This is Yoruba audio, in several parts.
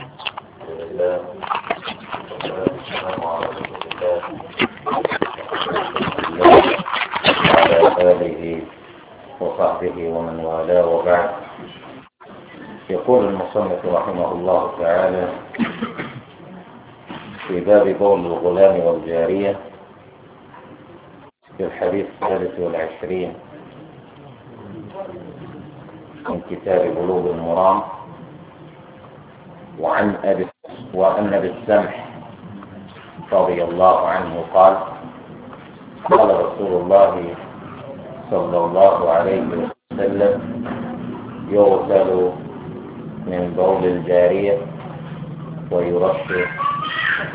الله والسلام على رسول الله وعلى آله وصحبه ومن والاه وبعد يقول المصنف رحمه الله تعالى في باب قول الغلام والجارية في الحديث الثالث والعشرين من كتاب بلوغ المرام وعن أبي وأن أبي السمح رضي الله عنه قال قال رسول الله صلى الله عليه وسلم يغسل من بول الجارية ويرش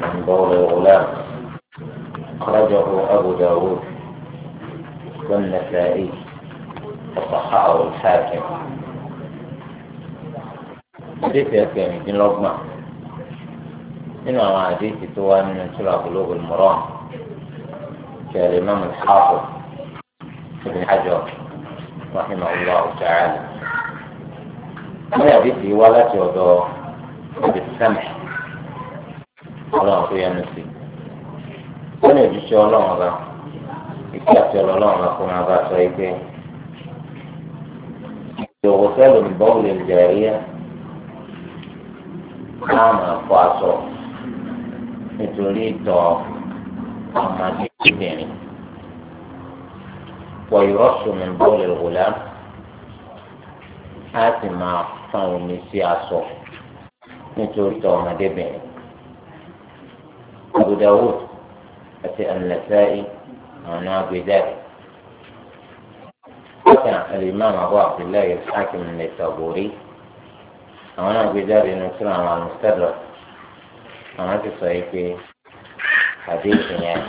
من بول الغلام أخرجه أبو داود والنسائي وصححه الحاكم àdéhìí ẹgbẹ̀rúndínlọ́gbọ̀n nínú àwọn àdéhìí tó wá nínú sura Bulughul Maram kẹrì mọ́mù sáfù Ibn Hajar rahimahullahu ta'ala. wọ́n yà àdéhìí wá láti ọ̀dọ̀ ọ̀dẹ̀ sẹ́mẹ̀ ọlọ́run tó yẹnu sí wọ́n ní òjíṣẹ́ ọlọ́run ọba ìkí àti ọlọ́run ọba kó máa bá sọ ẹgbẹ́ ìdòwò fẹ́ lòmìnbọ́ọ̀lù ìjẹ̀ríyà náà máa fọ aṣọ nítorí ìtọ̀ ọmọdé obìnrin wọ̀nyọ́ sùnmí bọ́ọ̀lù ìwòlá á sì máa fa omi sí aṣọ nítorí ìtọ̀ ọmọdébìnrin. أبو داود أتى النسائي عن أبي ذر الإمام أبو عبد الله الحاكم النسابوري àwọn náà gbé jáde nínú tí àwọn inú ti awon sẹdọ yìí pé àdéhùn yẹn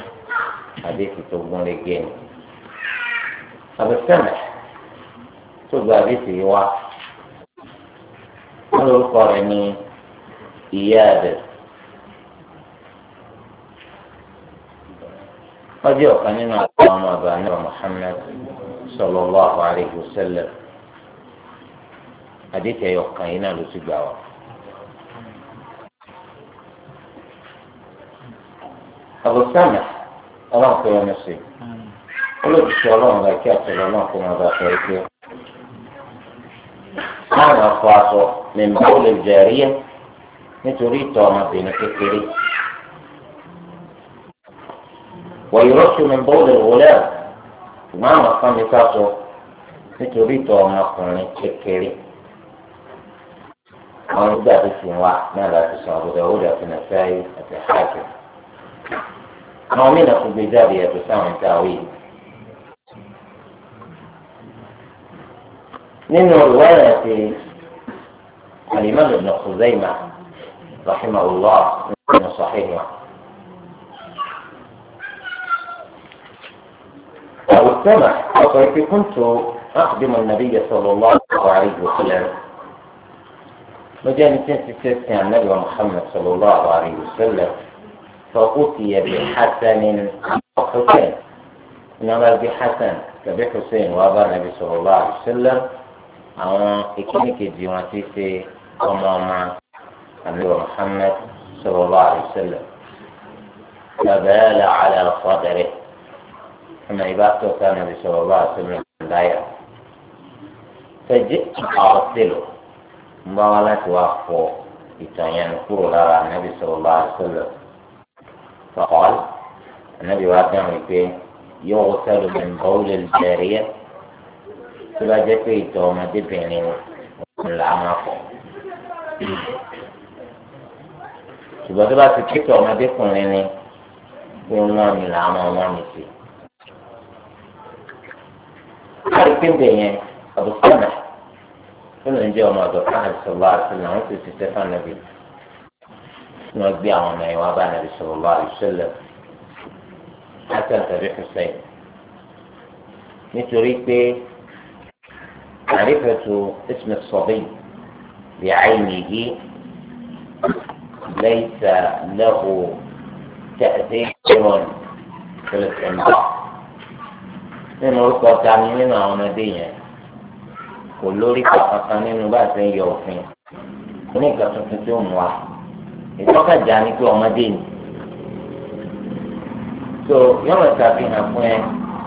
àdéhùn tó gún gé ni. àbẹ̀sẹ̀mẹ̀ tó gba àdéhùn yìí wá wọ́n lórúkọ rẹ̀ ní ìyá àdẹ̀. ọjọ́ ọ̀kan nínú àwọn ọmọ ní ọmọ àbáyé Muhammad sallallahu alaihi sẹlẹ̀. àdéhùn ẹ̀yọ̀ kan yìí náà ló ti gbà wá. àbùsàmà ọlọ́run pé ọmọ sí olóòtú ọlọ́run rẹ̀ kí àtẹ̀lẹ́ náà kó máa bá aṣọ ẹgbẹ́ máa ń aṣọ mímọ́ ó lè jẹ́ rí nítorí ìtọ̀ ọmọbìnrin kékeré. ويرش من بول الغلام ṣùgbọ́n àwọn kan mi sá sọ nítorí ìtọ̀ ọmọkùnrin kékeré. وأنا أبدأ في أنواع ماذا في أبو داود في النسائي الحاكم مؤمنة في البداية تساوي التأويل من رواية الإمام ابن خزيمة رحمه الله من صحيح أو السمح كنت أخدم النبي صلى الله عليه وسلم وجاءت عن نبي محمد صلى الله عليه وسلم فأتي بحسن وحسين إنما بحسن كبحسين وأبا النبي صلى الله عليه وسلم أو إكينك ديوانتيتي وما عن نبي محمد صلى الله عليه وسلم فبال على صدره أما إباحته كان النبي صلى الله عليه وسلم لا فجئت أرسله ń bá wá láti wá fọ ìtàn yẹn kúrò lára ànábì ba alaihi wasallam faqal ànábì wa dáhùn wípé yughsal min bawl al-jariyah tó bá jẹ́ pé ìtàn ọmọdébìnrin ńlá máa fọ ṣùgbọ́n tó bá ti kéèké ọmọdékùnrin ni pé wọ́n mi là má ọmọ mi sí. láì pínpín yẹn ọ̀dùnkún náà. nínú ìjẹ́ ọmọ àdọ̀ káàdì sọ̀rọ̀ àṣẹlẹ̀ àwọn tó ti tẹ́ fún ànábì ní wọ́n gbé àwọn ọmọ yẹn wá bá ànábì sọ̀rọ̀ lọ́wọ́ àṣẹlẹ̀ hasan tàbí hussein nítorí pé àrífẹ̀tù ismi sọ̀bìn bí àìníyí ليس له تأثير في الاستنباط nínú orúkọ ta ni nínú àwọn ọmọdé yẹn kò lórí kankan nínú bá a ṣe ń yọ òfin kò ní nǹkan tuntun tí ó mú wa ìtọ́kàjà ni pé ọmọdé ni so yọ̀rọ̀ ṣàfihàn fún ẹ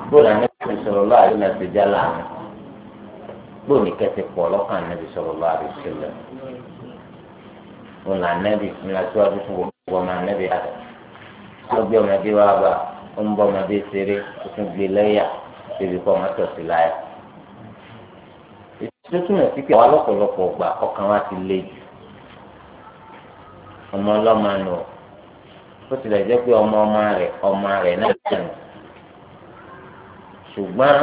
bóòlù anábì sallallahu alaihi wasallam já láàánú bóòlù ní kẹsì pọ̀ lọ́kàn anábì sallallahu alaihi wasallam bóòlù anábì ńlá síwájú fún gbogbo ọmọ anábì àdá gbogbo ọmọdé wa bá ń bọ ọmọdé ṣeré ó tún gbé lẹ́yà débi kọ́ ọmọ tọ̀sí láyà tó túmọ̀ sí pé àwọn ọlọ́pọ̀lọpọ̀ gbà ọkàn wa ti le jù ọmọ ọlọ́mọ nù ó tilẹ̀ jẹ́ pé ọmọ ọmọ rẹ̀ ọmọ rẹ̀ náà tẹ̀ nù ṣùgbọ́n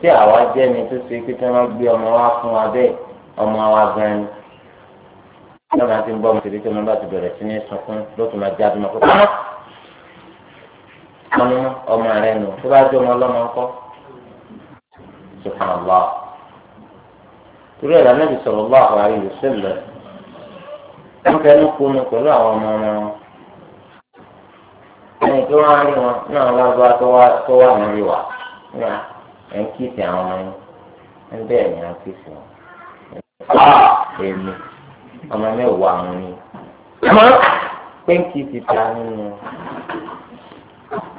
tí àwa jẹ́ni tó ṣe pé tí wọ́n gbé ọmọ wa fún wa bẹ́ẹ̀ ọmọ wa gan ni lọ́mọ àti ń bọ́ ọmọ tèmi tó máa bá ti bẹ̀rẹ̀ sí ní sunkún ló tún máa jáde máa kó pamọ́ ọmọ ọmọ nù tó bá jẹ́ ọmọ ọlọ́mọ ńkọ́ ṣùgbọ́n àlọ́ torí ẹ̀rọ anábì sallallahu alaihi wasallam wọ́n fẹnu kunu pẹ̀lú àwọn ọmọ wọn ẹni tó wá rí wọn náà lágbá tó wà lórí wa ní à ẹ̀ ń kí ti àwọn ọmọ yẹn ń bẹ́ẹ̀ ni à ń kí ti wọn. èmi ọmọ mẹ́wàá àwọn ni pé ń kí ti ta nínú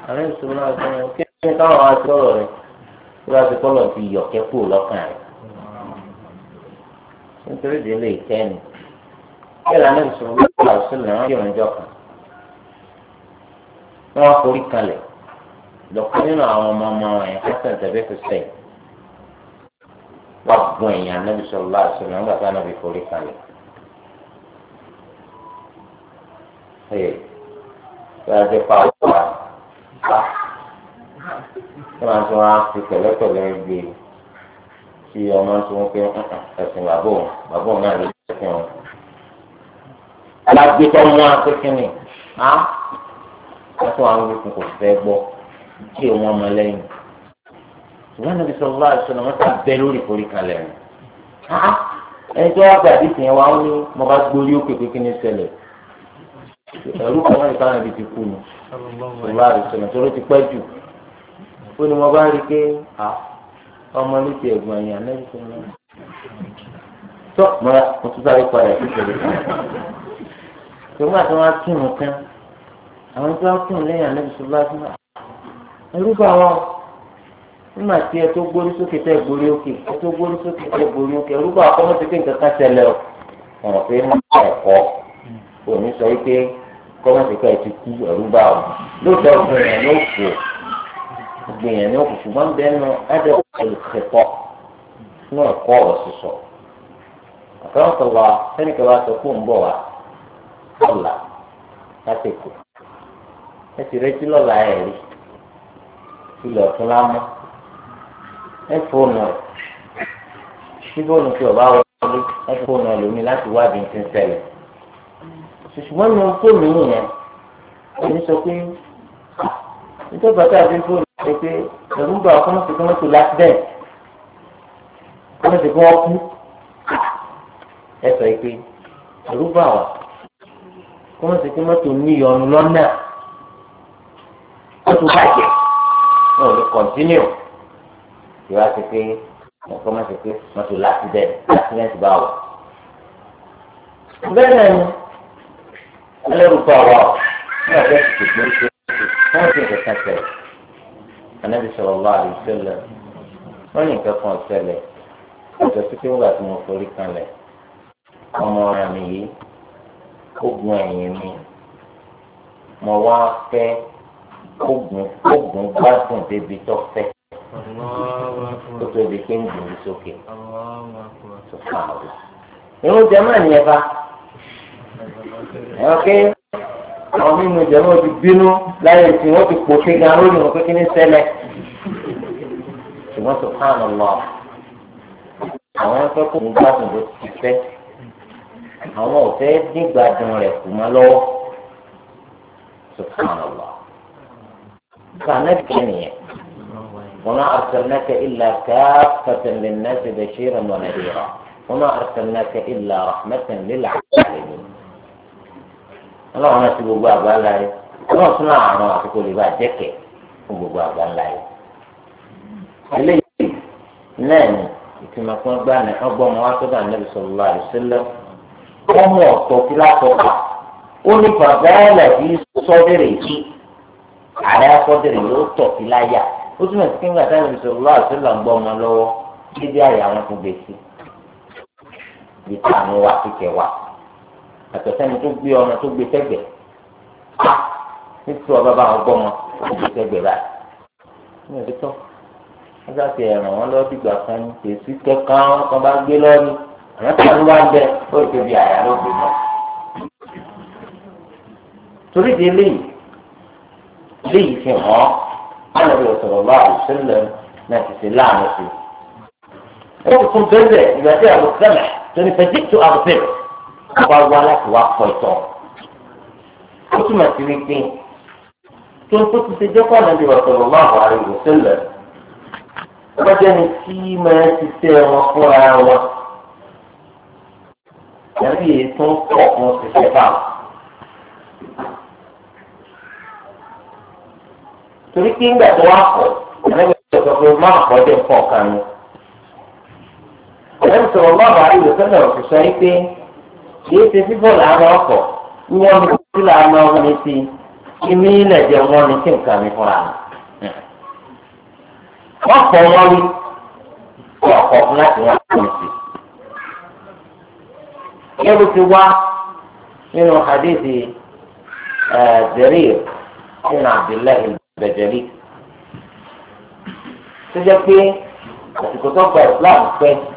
àwọn ìṣòro náà sọ wọn kí ni káwọn aṣọ rẹ̀ kí wọ́n ti kọ́ lọ́ọ́ fi yọ̀kẹ́ kúrò lọ́kàn rẹ̀ nítorí délé ìkẹ́ni kíláà náà sọ̀rọ̀ lọ́wọ́ àwòsílẹ̀ wọn yóò rìn jọ kan wọn forí kalẹ̀ lọ́kọ́ nínú àwọn ọmọ ọmọ ẹ̀ hasan tàbí hussein wọ́n gun ẹ̀yìn anábì sọ̀rọ̀ lọ́wọ́ àwòsílẹ̀ wọn gbàgbọ́ anábì forí kalẹ̀. Gbadé pa ọ̀pọ̀ wa. Ah. Wọ́n á tún wá fi pẹ̀lẹ́pẹ̀lẹ́ gbé e tí ọmọ tó ń pè ẹ̀sìn bàbá òun bàbá òun náà ló ń sẹ́kìn òun. alágbètò mú akékin ni á wọ́n tún àwọn olùkùn kò fẹ́ gbọ́ kí òun ọmọ lẹ́yìn. ìwọ́n náà fi sọ fún àìsàn náà wọ́n ti bẹ lórí ìforí kan lẹ́yìn. ẹni tó wá gbàdí sìn wa ó ní mo bá gbórí òkè pé kí ni ṣẹlẹ̀ ẹ̀rú kan náà ìtàn àbí ti kú ni ìwọ́n àìsàn náà tó ló ti pẹ́ jù ó ní mo bá rí i pé ọmọ ló ti ẹ̀gbọ́n ẹ̀yìn ànábì tó ń lọ. tó mọ́ra mo tún sáré padà sí ìṣẹ̀lẹ̀ kan. tòun àti wọn á kí wọn kan àwọn tó wá kí wọn lẹ́yìn ànábì tó bá fún wa. ẹrú bá wọn nígbà tí ẹ tó gbórí sókè tẹ gbórí òkè ẹ tó gbórí sókè tẹ gbórí òkè ẹrú bá wọn ti pé nǹkan kan ṣẹlẹ̀ o. pé má ẹ̀kọ́ òní sọ wípé kọ́mọ̀tì gbogbo èèyàn ní òkùnkùn máa ń bẹ nu ẹ̀dẹ̀ olùkẹ́kọ̀ náà kọ́ ọ̀rọ̀ sísọ àkàràǹkọ̀ wa sẹ́nìkẹ́ wa sọ pé ń bọ̀ wá ọ̀la láti kù ẹ sì retí lọ́la ẹ̀ rí ilẹ̀ ọ̀tún lámú ẹ fóònù ẹ̀ tí fóònù tí ọba wọlé ẹ fóònù ẹ̀ lómi láti wádìí ní ti ń ṣẹlẹ̀ ṣùgbọ́n ní fóònù yìí yẹn èmi sọ pé ah, nítorí bàtà fi fóònù ẹ pé ẹ̀rú gbà ọkọ mọ̀tò kí wọ́n tó lásìdẹ̀ǹt kí wọ́n ti kí wọ́n kú ẹ sọ pé ẹ̀rú gbà wà kí wọ́n ti kí wọ́n tó níyọnu lọ́nà wọ́n tó bàjẹ́ wọn ò lè kọ̀ntínú ìwà ti pé ọkọ mọ̀tò pé mọ̀tò lásìdẹ̀ǹt lásìdẹ̀ǹt bá wà bẹ́ẹ̀ náà ni ẹlẹ́rù gbà wà wọ́n fẹ́ẹ́ tètè gbé ṣe wọ́n ti ń kẹta tẹ̀lé anabi sallallahu alaihi wasallam wọn ní nǹkan kan ṣẹlẹ̀ ọjọ́ títí wọn gbà tí mo forí kanlẹ̀ ọmọ ara mi yìí ó gun ẹ̀yìn mi mo wá fẹ́ ogun ogun gbádùn débi tó fẹ́ tó tóbi pé ń gbòòrò sókè tó fà á lọ. irun jẹ máa ní ẹ bá ẹ ọ kéré. àwọn mímu jẹ̀mú ti bínú láyé tí wọ́n ti pò kéka lórí wọn kékeré ní ṣẹlẹ̀ ṣùgbọ́n subhanallah àwọn ẹgbẹ́ kò ní gbádùn ló ti fẹ́ àwọn ọ̀fẹ́ nígbàdùn rẹ̀ kù má lọ́wọ́ lọ. kànáà yẹn awon egbe ko ni gbadun tẹ̀lé náà ti fe awon nìyẹn rẹ̀ nàìjíríà náà وما أرسلناك إلا كافة للناس بشيرا ونذيرا وما أرسلناك إلا رحمة للعالمين ọlọ́run náà ti gbogbo àgbà ńlá yìí ọlọ́run tún náà àrùn àti kò lè bá jẹ́kẹ̀ fún gbogbo àgbà ńlá yìí. eléyìí náà ni ìtumọ̀ kan gbá ní ọgbọ́n ọmọ asọ́dọ̀ ànábì sallallahu alaihi wasallam wọ́n mú ọ̀tọ̀ sí látọ̀kà ó ní fàgáàlà bí sọ́dẹ̀rẹ̀ yìí àrẹ sọ́dẹ̀rẹ̀ yìí ó tọ̀ sí láyà ó túmọ̀ sí kíńgbà táwọn sallallahu alaihi wasallam gbọ́ ọmọ lọ́wọ́ níbi àyà wọn fún gbèsè àtọ̀sẹ́ni tó gbé ọmọ tó gbé sẹ́gbẹ̀ nítorí ọba bá wọn gbọ́ ọmọ tó gbé sẹ́gbẹ̀ báyìí ní ìdí tó wọ́n sá ti ẹ̀ràn wọn lọ́ọ́ dìgbà kan ní èsì kẹ́kàn kan bá gbé lọ́ọ́ni àwọn tí wọ́n ń bẹ ó lè tóbi àyà ló gbé mọ́. torí di eléyìí eléyìí fi hàn án lórí ọ̀sọ̀rọ̀ bá àlùsílẹ̀ náà ti ṣe láàánú sí i. ó kún bẹ́ẹ̀ ìgbà tí àlùsílẹ̀ tó ní fẹ́ dípò àlùsílẹ̀ wá wá láti wá kọ ìtọ̀ ó túmọ̀ sí wípé tó ń tó ti ṣe jẹ́kọ́ ànábì ọ̀sọ̀rọ̀ máa wà rẹ̀ wò sílẹ̀ ọlọ́jọ́ ni tí máa ti tẹ́ wọn fúnra wọn tàbí èyí tó ń pọ̀ fún ṣiṣẹ́ báwọn. torí pé ńgbà tó wá pọ̀ ẹ̀rọ sọ pé pọ̀ jẹ́ nǹkan kan ni. ẹ̀rọ sọ̀rọ̀ máa wà rẹ̀ wò sílẹ̀ òṣìṣẹ́ pé kìí ṣe fífọ́ làánà ọkọ̀ wíwọ́n ní kí làánà ọmọ ní sí kí ní ilẹ̀ jẹ wọn ní kí nǹkan mi fúnra mi. ọkọ̀ wọn wí kí ọkọ̀ fún láti wọn kọ́ mi sí. ẹrú ti wá nínú hadithi Jarir nínú Abdullahi al tó jẹ́ pé àsìkò tó gba Islam pẹ́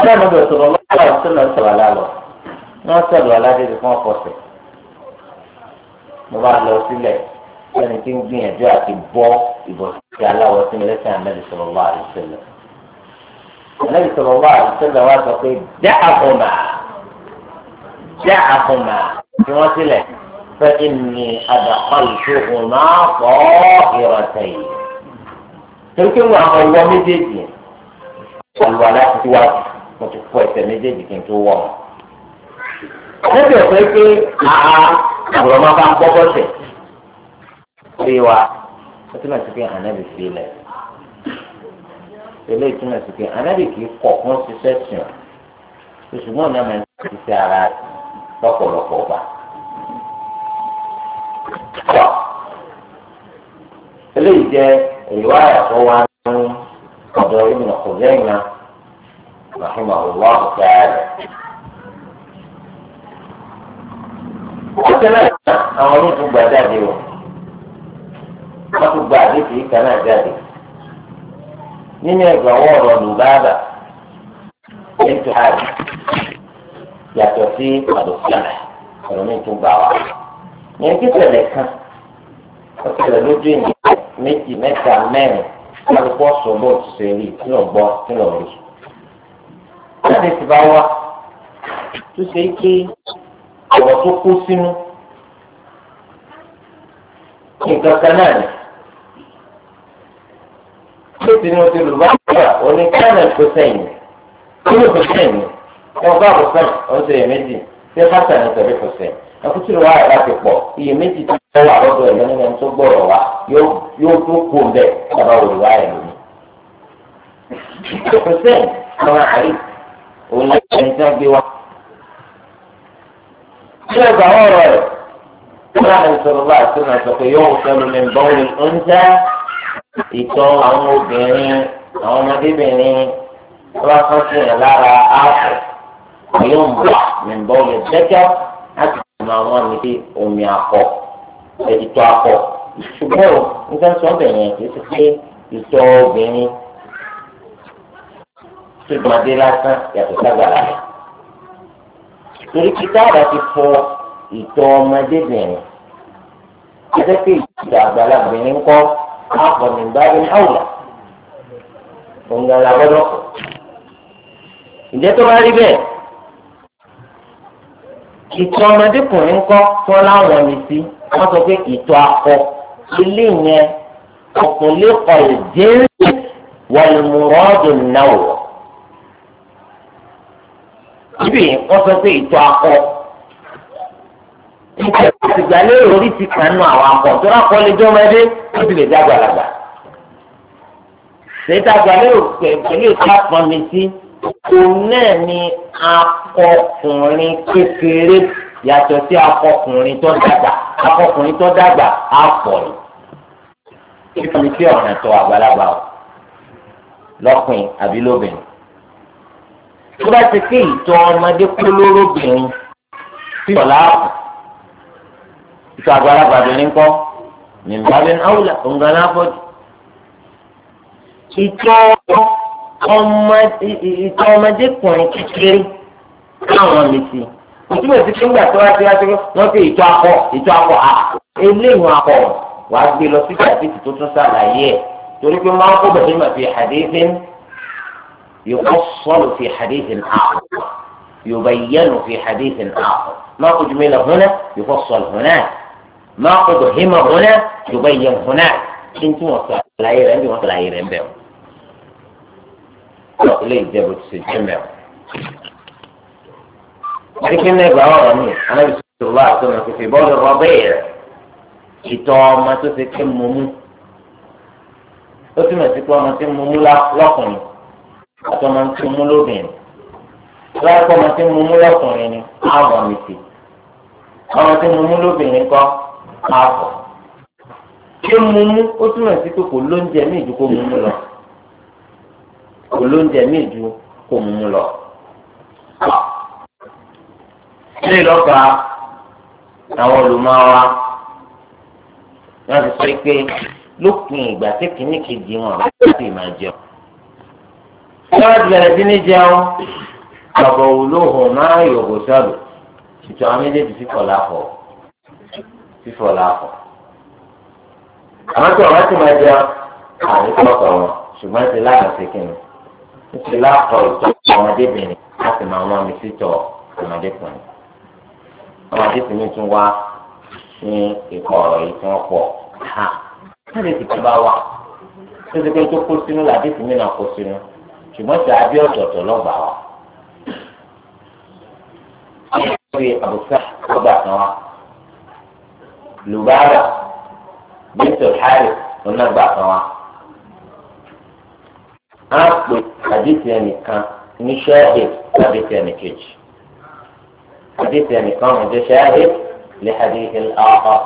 ọlọ́run ọbẹ̀ sọ̀rọ̀ lọ́wọ́ àwọn sọ̀rọ̀ sọ̀rọ̀ alá lọ wọ́n sọ̀rọ̀ aládé ti fún ọ̀pọ̀sẹ̀ mo bá lọ sílẹ̀ ẹni tí ń gbìyànjú àti bọ́ ìbọ̀sẹ̀ aláwọ̀ sí mi lẹ́sẹ̀ àmẹ́lì sọ̀rọ̀ lọ́wọ́ àdìsẹ́lẹ̀ àmẹ́lì sọ̀rọ̀ lọ́wọ́ àdìsẹ́lẹ̀ wá sọ pé dá àfọ̀mà dá àfọ̀mà tí wọ́n sílẹ̀ fẹ́ ẹni àdàkọ́lù tó hùn máa fọ́ ìrọ̀tẹ̀ mo ti fọ ẹsẹ̀ méjèèjì kí n tó wọ̀ ọ́. Ẹ̀sẹ̀ ọ̀fẹ́ pé àá àbúrò máa bá ń gbọ́ bọ́sẹ̀. Ṣé wa ó túmọ̀ sí pé ànábì fi ilẹ̀? Eléyìí túmọ̀ sí pé ànábì kì í kọ̀ fún ṣiṣẹ́ sùn. Oṣùgbọ́n náà máa ń ṣiṣẹ́ ara lọ́pọ̀lọpọ̀ ọ̀gbà. Eléyìí jẹ́ ìwà àyàtọ̀ wa ní ọ̀dọ̀ ìmọ̀ kò lẹ́yìn náà. رحمه الله تعالى وكذلك àwọn onídùú gba jáde o wọn tún gba àdéhùn yìí kan náà jáde nínú ẹgbẹ́ àwọn ọ̀rọ̀ lùbáàbà ètò ààrẹ yàtọ̀ sí àdókòlà ọ̀rọ̀ mi tún gbà wá yẹn kí tẹ́lẹ̀ kan ọ̀tẹ̀lẹ̀ lójú ènìyàn méjì mẹ́ta mẹ́rin alùpùpù ọsọ bó ti ṣe rí kí lọ gbọ́ kí lọ rí láti ti bá wá tó ṣe pé ọ̀rọ̀ tó kó sínú nǹkan kan náà ni. Ṣé tinú ti lù bá wà òní káàmì kó sẹ́yìn? Kúrò kó sẹ́yìn wọn bá kó sẹ́yìn ọ̀hún ṣe èméjì ṣé pásítọ̀ ní sọ̀rọ̀ kó sẹ́yìn. Àkútì rẹ̀ wá ẹ̀rọ ti pọ̀ iyèméjì tó ń wà lọ́dọ̀ ẹ̀ lẹ́nu ẹni tó gbọ́rọ̀ wá yóò tó kó bẹ́ẹ̀ ọ̀rọ̀ òrùwá ẹ̀ lónìí. Kúrò kó sẹ́yìn àwọn àríkì òun náà ẹni tí wọ́n gbé wá. nínú ẹgbà ọ̀rọ̀ rẹ̀ wọ́n á lè sọ̀rọ̀ bá àti ọ̀nà sọ̀kè yóò sọ̀rọ̀ mi bọ́ọ̀lù oúnjẹ ìtọ́ àwọn obìnrin àwọn ọmọdébìnrin wọ́n á kọ́ sí ẹ̀ lára áàpù yóò mọ̀ mi bọ́ọ̀lù jẹ́jẹ́ láti mọ àwọn àmì tí omi akọ ìtọ́ akọ ṣùgbọ́n nǹkan sọ́ọ̀bẹ̀ yẹn kì í ti pé ìtọ́ obìnrin tó dùmadé lásán yàtọ̀ sábàlá rẹ̀ torí kíkà àgbà ti fọ ìtọ̀ ọmọdébìnrin àtẹ́kẹ́ ìtọ̀ àgbàlagbìnrin kọ́ àpọ̀nìbáyé àwùlà òǹgàlà gbọ́dọ̀ ìjẹ́ tó bá rí bẹ́ẹ̀ ìtọ̀ ọmọdékùnrin kọ́ tó láwọn ní sí wọ́n sọ pé ìtọ̀ akọ ilé yẹn ọkùnrin kọ̀ ìjẹ́rìí wọ̀lùmùrọ́dùn náà wọ̀ níbi wọ́n sọ pé ìtọ̀ akọ nígbà tó ti gbà lérò orí ti kàn nù àwọn akọ tó rà kọ́ lè jẹ́ ọmọdé ó sì lè dá gbàlagbà ṣètà gbà lérò pẹ̀lú ìtọ́ àpọ̀nmi sí òun náà ni akọkùnrin kékeré yàtọ̀ sí akọkùnrin tó dàgbà akọkùnrin tó dàgbà àpọ̀ ni ìfọ̀nmi sí ọ̀nà tó àgbàlagbà lọ́kùnrin àbí lóbìnrin tó bá ti pé ìtọ̀ ọmọdé kú lórobìnrin tí ọ̀la ìtọ̀ àgbàlagbà bìnrin kọ́ nìbàbí náwùlà òǹgànà fọ́jú. ìtọ̀ ọmọdékùnrin kékeré káwọn lè fi òtún èsì tí ń gbà tó wá sí wájú wọn fi ìtọ̀ akọ ìtọ̀ akọ à eléyìí akọ wàá gbé lọ sí ìgbà tí tuntun sàlàyé ẹ torí pé máa ń kó bẹ̀rẹ̀ mà fi àdéhìn. يفصل في حديث آخر يبين في حديث آخر ما أجمل هنا يفصل هناك ما أدهم هنا يبين هناك أنتم وصلت العير أنت وصل العير أنت ليه جابوا تسجل لكن أنا صلى الله عليه وسلم في بول الرضيع ìtọ̀ ما tó ti ké mọ́mú ó لا sí àtọmọ tí mú lóbìnrin lọ́pọ̀ ọmọ tí mú mú lọ́kùnrin ni ààbọ̀ mi ti ọmọ tí mú mú lóbìnrin kọ́ ààbọ̀ ṣé mú mú ó túmọ̀ sí pé kò lóúnjẹ míì ju kó mú mú lọ kò lóúnjẹ míì ju kó mú mú lọ. ilé ìlọ́ka àwọn olùmọ̀ọ́wá wọ́n ti sọ pé lópin ìgbà tí kìnnìkejì wọn láti máa jẹun láti bẹ̀rẹ̀ sí ní jẹun bàbá olóhùn máa yọ̀gò sọ̀rọ̀ ètò àwọn méjèèjì fífọ̀ láfọ̀ fífọ̀ láfọ̀. àmọ́ tí wọ́n ti máa jẹun àní kọ́kọ́ wọn ṣùgbọ́n ti láàbà sí kìnnì ti láàkọ̀ ìtọ́ ọmọdébìnrin láti máa wọ́n mi sítọ̀ ọmọdékùnrin. ọmọdékùnrin tún wá ní ikọ̀ ọ̀rọ̀ yìí tí wọ́n pọ̀ ha káàdì tìtì bá wà tó ti pé tó kó sínú làdí tìmí náà kó sínú ṣùgbọ́n sàábí ọ̀tọ̀ọ̀tọ̀ lọ́gbà wa. ṣé àbùsà lọ́gbà kan wa lùbárà bíntò hàrì lọ́gbà kan wa. a pè àdìsí ẹnìkan ní ṣẹ́ẹ̀dì àdìsí ẹnìkejì àdìsí ẹnìkan ọ̀jọ́ ṣẹ́ẹ̀dì lè àdìsí ọ̀ọ́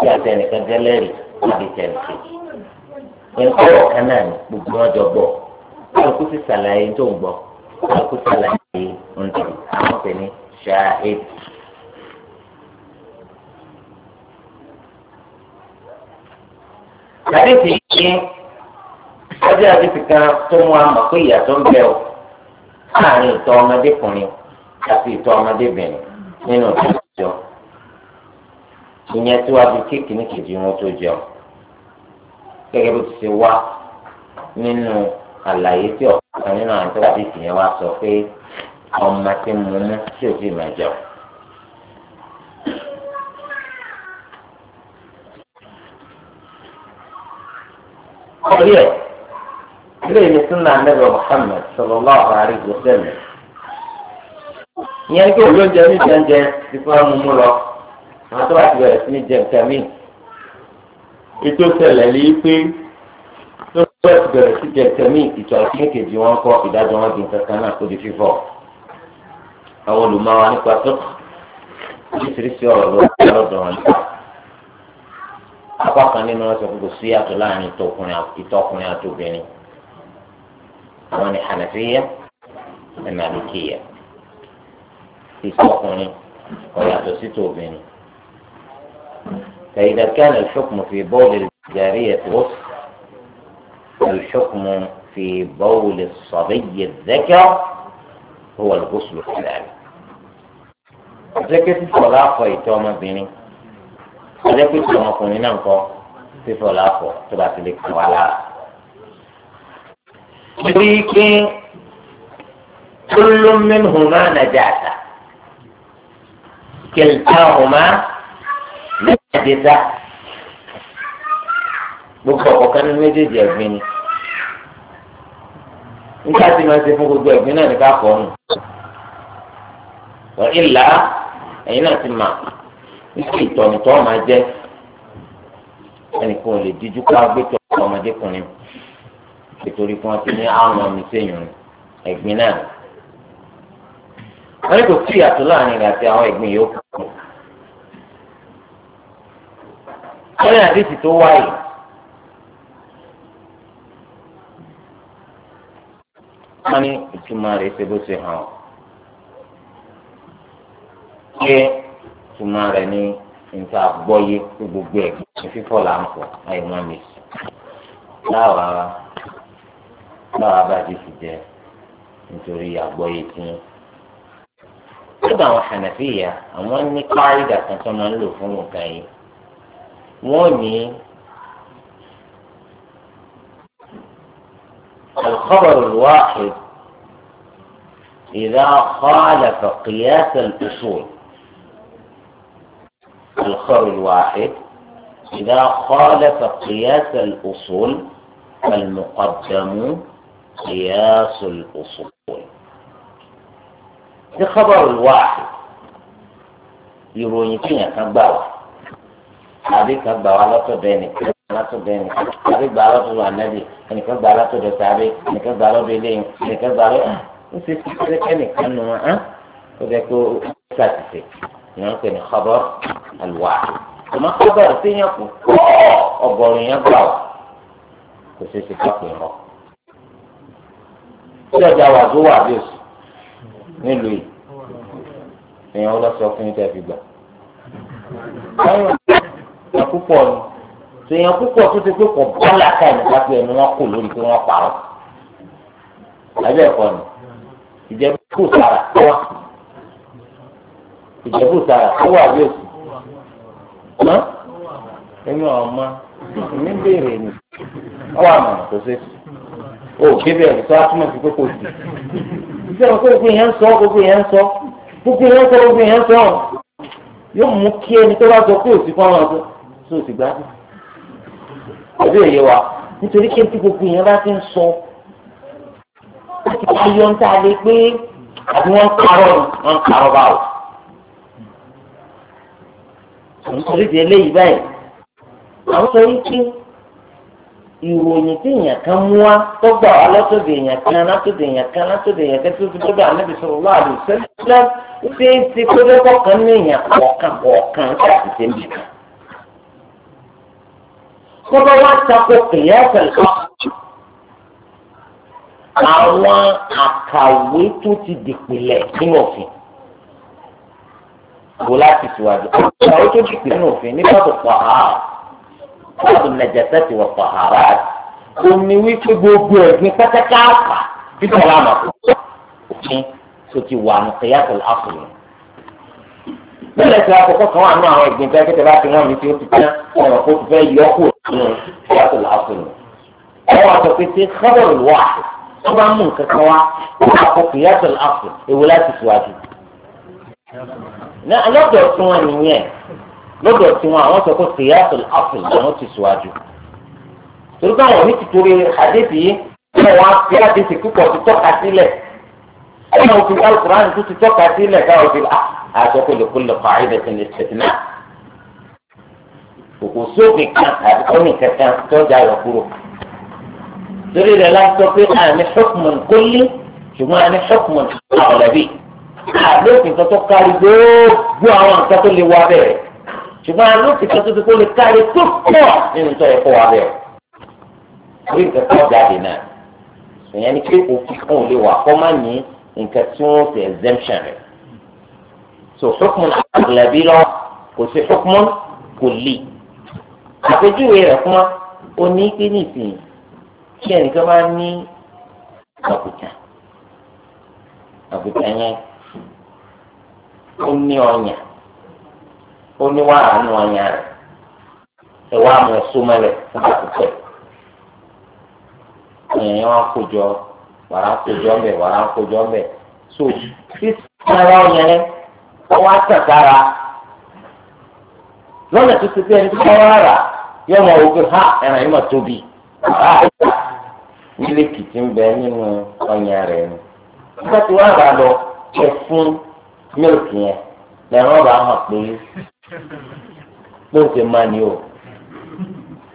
kí àti ẹnìkan jẹ́ lẹ́rìí àdìsí ẹnìkejì. nǹkan náà ni gbogbo wọn gbọ́ kálukú sì ṣàlàyé tó ń gbọ́ kálukú ṣàlàyé ntì àwọn pè ní ṣááhìd. àdìsí yìí ọjọ́ àdìsí kan tó mú àmọ̀ pé ìyàtọ̀ ń bẹ o láàrin ìtọ̀ ọmọdékùnrin àti ìtọ̀ ọmọdébìnrin nínú ìjọ ìyẹn tí wàá fi kéèkì ní kejì wọn tó jẹun gẹ́gẹ́ bó ti ṣe wá nínú àlàyé tí ọ̀kan nínú àwọn tó wà bí ìsìn yẹn wá sọ pé ọmọ tí ń mú mú tí ò sì ẹ̀ ilé ìlú súnà nẹ́bẹ̀ Muhammad sallallahu alaihi wasallam ìyẹn kí olóúnjẹ ní jẹunjẹ ti fún ọmú mú lọ àwọn tó wà ti bẹ̀rẹ̀ sí ní jẹun kẹ́mí ètò ìṣẹ̀lẹ̀ lè pé tọ́ọ̀tì bẹ̀rẹ̀ sí tẹ̀tẹ̀mí ìtọ̀ àti mékèèjì wọn kọ́ ìdájọ́ wọn di kankan náà kó di fífọ́. àwọn olùmọ̀wá nípa tó oríṣiríṣi ọ̀rọ̀ ló wà lọ́dọ̀ wọn. apá kan nínú wọn sọ gbogbo sí yàtọ̀ láàrin ìtọkùnrin àti obìnrin. àwọn ni hànàfíyà ẹ̀nà àlùkìyà. ìtọkùnrin ọ̀yàtọ̀ sí tòbìnrin. فإذا كان الحكم في بول الجارية وصف الحكم في بول الصبي الذكر هو الغسل الحلال الصلاة في توما بني ذكر الصلاة في نقول في صلاة تبعت لك ولا لكن كل منهما نجاسة كلتاهما نجاسة gbogbo ọ̀kọ̀ọ̀kan nínú méjèèjì ẹ̀gbin ni nígbà tí màá ṣe fún gbogbo ẹ̀gbin náà ní ká fọ́ nù wọ́n ìlà ẹ̀yin náà ti mà nípa ìtọ̀nìtọ́ máa jẹ́ ẹnìkan ò lè díjú ká gbẹ́tọ̀ ọmọdékùnrin nítorí kí wọ́n ti ní àrùn ọmọ ìṣèyàn ẹ̀gbin náà wọ́n ní kò sí ìyàtọ̀ láàrin rẹ̀ àti àwọn ẹ̀gbin yòókù. wọ́n ní àdéhùn tó wáyé. wọn ní ìtumọ̀ rẹ̀ ṣe bó ṣe hàn ọ́ ṣé ìtumọ̀ rẹ̀ ní nta gbọ́yé gbogbo ẹ̀ ní fífọ́ là ń pọ̀ láì má mi sí láwa láwa bá ti fi jẹ nítorí àgbọ́yé tí wọn. lọ́dọ̀ àwọn Hànàfíyà àwọn ní káàrídà kan tó máa ń lò fún nǹkan yìí wọ́n ní. الخبر الواحد إذا خالف قياس الأصول الخبر الواحد إذا خالف قياس الأصول فالمقدم قياس الأصول ده خبر الواحد يرونيكين كباوة هذه كباوة لا تبينك alátọ̀dọ̀ ẹni tàbí gba alátọ̀dọ̀ ànábì ẹnìkan gba alátọ̀dọ̀ tàbí ẹnìkan gba alọ́dọ̀ eléyìí ẹnìkan gba alọ́ ah, ó ṣe fi kẹ́kẹ́ nìkan nù wọn án ah? ó jẹ́ pé ó ṣàtìṣe ìyẹn ń pè ní khabar àlùwà ọmọ khabar sí yẹn kù ọgọ́rùn yẹn gbà wá kò ṣe ṣe kápẹ́ rọ. ó dọ̀jà wà tó wà bí oṣù nílùú yìí èèyàn ó lọ sọ fún yín tẹ́ fi gbà. báyọ̀ ọ̀pọ̀ ni sèyàn púpọ̀ tó ti pé kò bọ́lá ká ìgbà pé ẹnu wọn kò lórí pé wọ́n parọ́ lábẹ́ ẹ̀kọ́ ni ìjẹ́bú kò sára tó wà ìjẹ́bú sára tó wà bí òsì mọ́ ẹni ọ̀ma ẹni béèrè ni ọwọ́ àmọ̀ tó ṣe o kí bẹ́ẹ̀ sọ atúmọ̀ sí pé kò sí ìjẹ́ wọn pé gbogbo yẹn ń sọ gbogbo yẹn ń sọ gbogbo yẹn ń sọ gbogbo yẹn ń sọ yóò mú kí ẹni tó bá sọ pé òsì fún ọmọ ọdún tó sì gbádùn àbí òye wa nítorí pé tí gbogbo yẹn bá ti ń sọ ó ti ká yọ ń tà lé pé àbí wọ́n ń karọ́ wọ́n ń karọ́ báwò. nítorí ti eléyìí báyìí àwọn sọ yìí pé ìròyìn tí èèyàn kan mú wá tó gbà wá látòdì èèyàn kan látòdì èèyàn kan látòdì èèyàn kan tó fi tó bá níbi sọ̀rọ̀ wá àlùsẹ́lẹ̀ ṣé ti kó lẹ́kọ̀ọ́ kan ní èèyàn kọ̀ọ̀kan kọ̀ọ̀kan láti ṣe nìkan kọ́tọ́ wá tako kìyàtọ̀ lọ. àwọn àkàwé tó ti dìpìlẹ̀ nínú òfin wò láti tìwájú àkàwé tó dìpìlẹ̀ nínú òfin nípa tó pọ̀ á pọ̀tù nàjẹsẹ̀ ti wọ̀ pọ̀ àrà ó ní wípé gbogbo ẹ̀gbin pátákáàpà títí ọ̀la àmọ̀ òfin tó ti wà ní kìyàtọ̀ lọ́kùnrin bẹ́ẹ̀ lẹ́sìn àkọ́kọ́ kan wà nínú àwọn ìgbìntàn kẹ́tẹ́ bá ti wọ́n mi tí ó ti tán ọ̀rọ̀ kó fẹ́ yọ kúrò nínú ìyàtọ̀ làásùn nù. àwọn àtọ̀pẹ̀tẹ̀ kábọ̀rù wà tó bá mú nǹkan kan wá ó bá kọ ìyàtọ̀ làásùn èwo láti síwájú. lọ́dọ̀ tí wọ́n nìyẹn lọ́dọ̀ tí wọ́n àwọn sọ pé ìyàtọ̀ làásùn làwọn ti síwájú. torí báwọn ní ti torí àdébì yìí wọ́n wá fi àdébì púpọ̀ ti tọ́ka sílẹ̀ ẹ̀yìn òfin alukur'an kòkò sófin kan àti kọ́mì kankan tọ́jà yọ kúrò torí rẹ̀ lásán pé àní hukmun kulli ṣùgbọ́n àní hukmun aghlabi àlófin kan tó kárí gbogbo àwọn nǹkan tó lè wá bẹ̀rẹ̀ ṣùgbọ́n àlófin kan tó ti kó lè kárí tó pọ̀ nínú tó yẹ kó wá bẹ̀rẹ̀ orí nǹkan tó jáde náà ìyẹn ni pé òfin kan ò lè wà kọ́ má ní nǹkan tí wọ́n ti exemption rẹ̀ so hukmun aghlabi lọ kò sí hukmun kulli. àpèjúwe rẹ̀ fún wa ó ní pé ẹnìkan bá ní àbùtà àbùtà yẹn ó ní ọyàn ó ní wàhálà ní ọyàn rẹ̀ ẹ wá mọ̀ súnmọ́lẹ̀ fún àkùtẹ̀ ẹ̀yìn wọn kójọ wàrà so sísára ọyàn rẹ̀ wọ́n wá tàn sára lọ́nà ẹni tó yóò mọ òkú ha ẹran yìí mọ tóbi ah! mílíkì tí ń bẹ nínú ọyàn rẹ ni nígbà tí wọn bá lọ ẹ fún mílíkì yẹn lẹ́rọ bá hàn pé lóòótọ́ máa ní o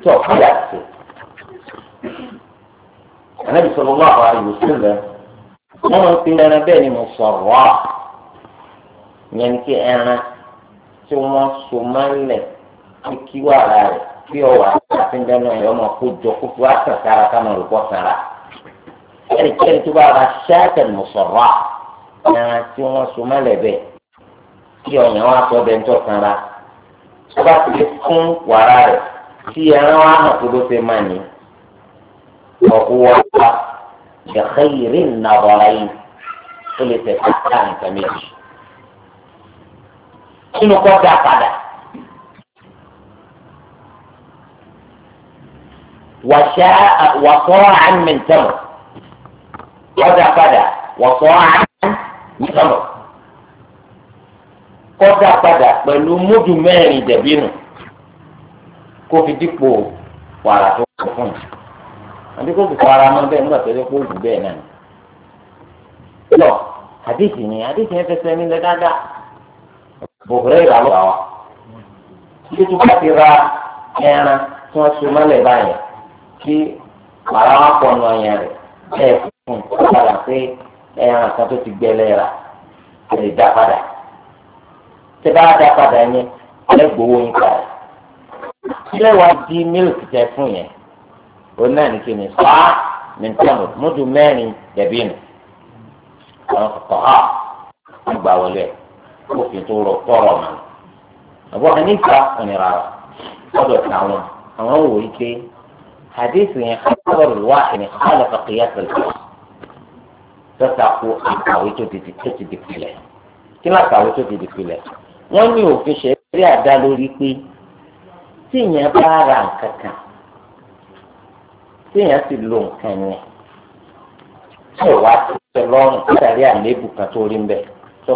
tí ọ̀pá yà sí. Ànábì sọ̀rọ̀ wà á yòó sílẹ̀ wọ́n máa ń pe ẹran bẹ́ẹ̀ ni mo sọ̀rọ̀ wá ìyẹn ni kí ẹran tí wọ́n so máa ń lẹ̀ kí wàrà rẹ̀ kí ọwọ́ àtúnjẹ náà yọ ọmọ kó jọ kó fi wá sàn sára ká máa rò pọ̀ sára ẹnikẹ́ni tó bá ra ṣáàtẹ̀ mùsọ̀rọ̀ ẹran tí wọ́n so mọ́lẹ̀ bẹ́ẹ̀ kí ọ̀yàn wa sọ bẹ́ẹ̀ tọ́ sanra tó bá ti fún wàrà rẹ̀ tí ẹran wa hàn tó ló ṣe máa ní ọ̀húwà ṣẹ̀xẹ́ ìrì nàbọ̀ra yìí tó lè tẹ̀ ká nǹkan méjì. nínú kọ́ dá padà. وشاء وصاعا من تمر قد قد وصاعا من تمر قد قد pẹ̀lú múdù mẹ́rin dẹ̀bínú kó fi dípò wàrà tó kọ fún un àbí kó fi kọ ara mọ́ bẹ́ẹ̀ nígbà tó yẹ kó oògùn bẹ́ẹ̀ náà ni. lọ àdéhìí ni àdéhìí yẹn fẹsẹ̀ nílẹ̀ dáadáa bòbúrẹ́ ìrànlọ́wọ́ wa. títí tó bá ti ra ẹran tí wọ́n so mọ́lẹ̀ báyìí kí màrá wọn pọ̀ nù ọ̀yàn rẹ̀ ẹ̀ fún un padà pé ẹran kan tó ti gbẹlẹ̀ rà ẹ̀ lè dá padà tẹ́ bá dá padà yẹn ẹ̀ gbowó ń kà rẹ̀ ilé wa di mílìkì tẹ fún yẹn o náà ní kí ni sọ́ọ́ nìkanò múdù mẹ́rin dẹ̀bí nù àwọn kọ̀kọ́ ha wọ́n gbà wọlé kó fi tó rọ tọrọ mọ́ àbọ̀ àníkà ònira ọ̀dọ̀ táwọn àwọn wò ó ké حديث خبر الواحد خالف قياس الأصل فتقو àkàwéjọ dìdì tó ti dìpì lẹ kí ló àkàwéjọ dìdì pì lẹ wọn ní òfin ṣẹlẹ̀ àdá lórí pé tíyẹn bá ra nǹkan kan tíyẹn sì lo nǹkan yẹn tí ò wá tẹ lọ́rùn látàrí àléébù kan tó rí mbẹ tó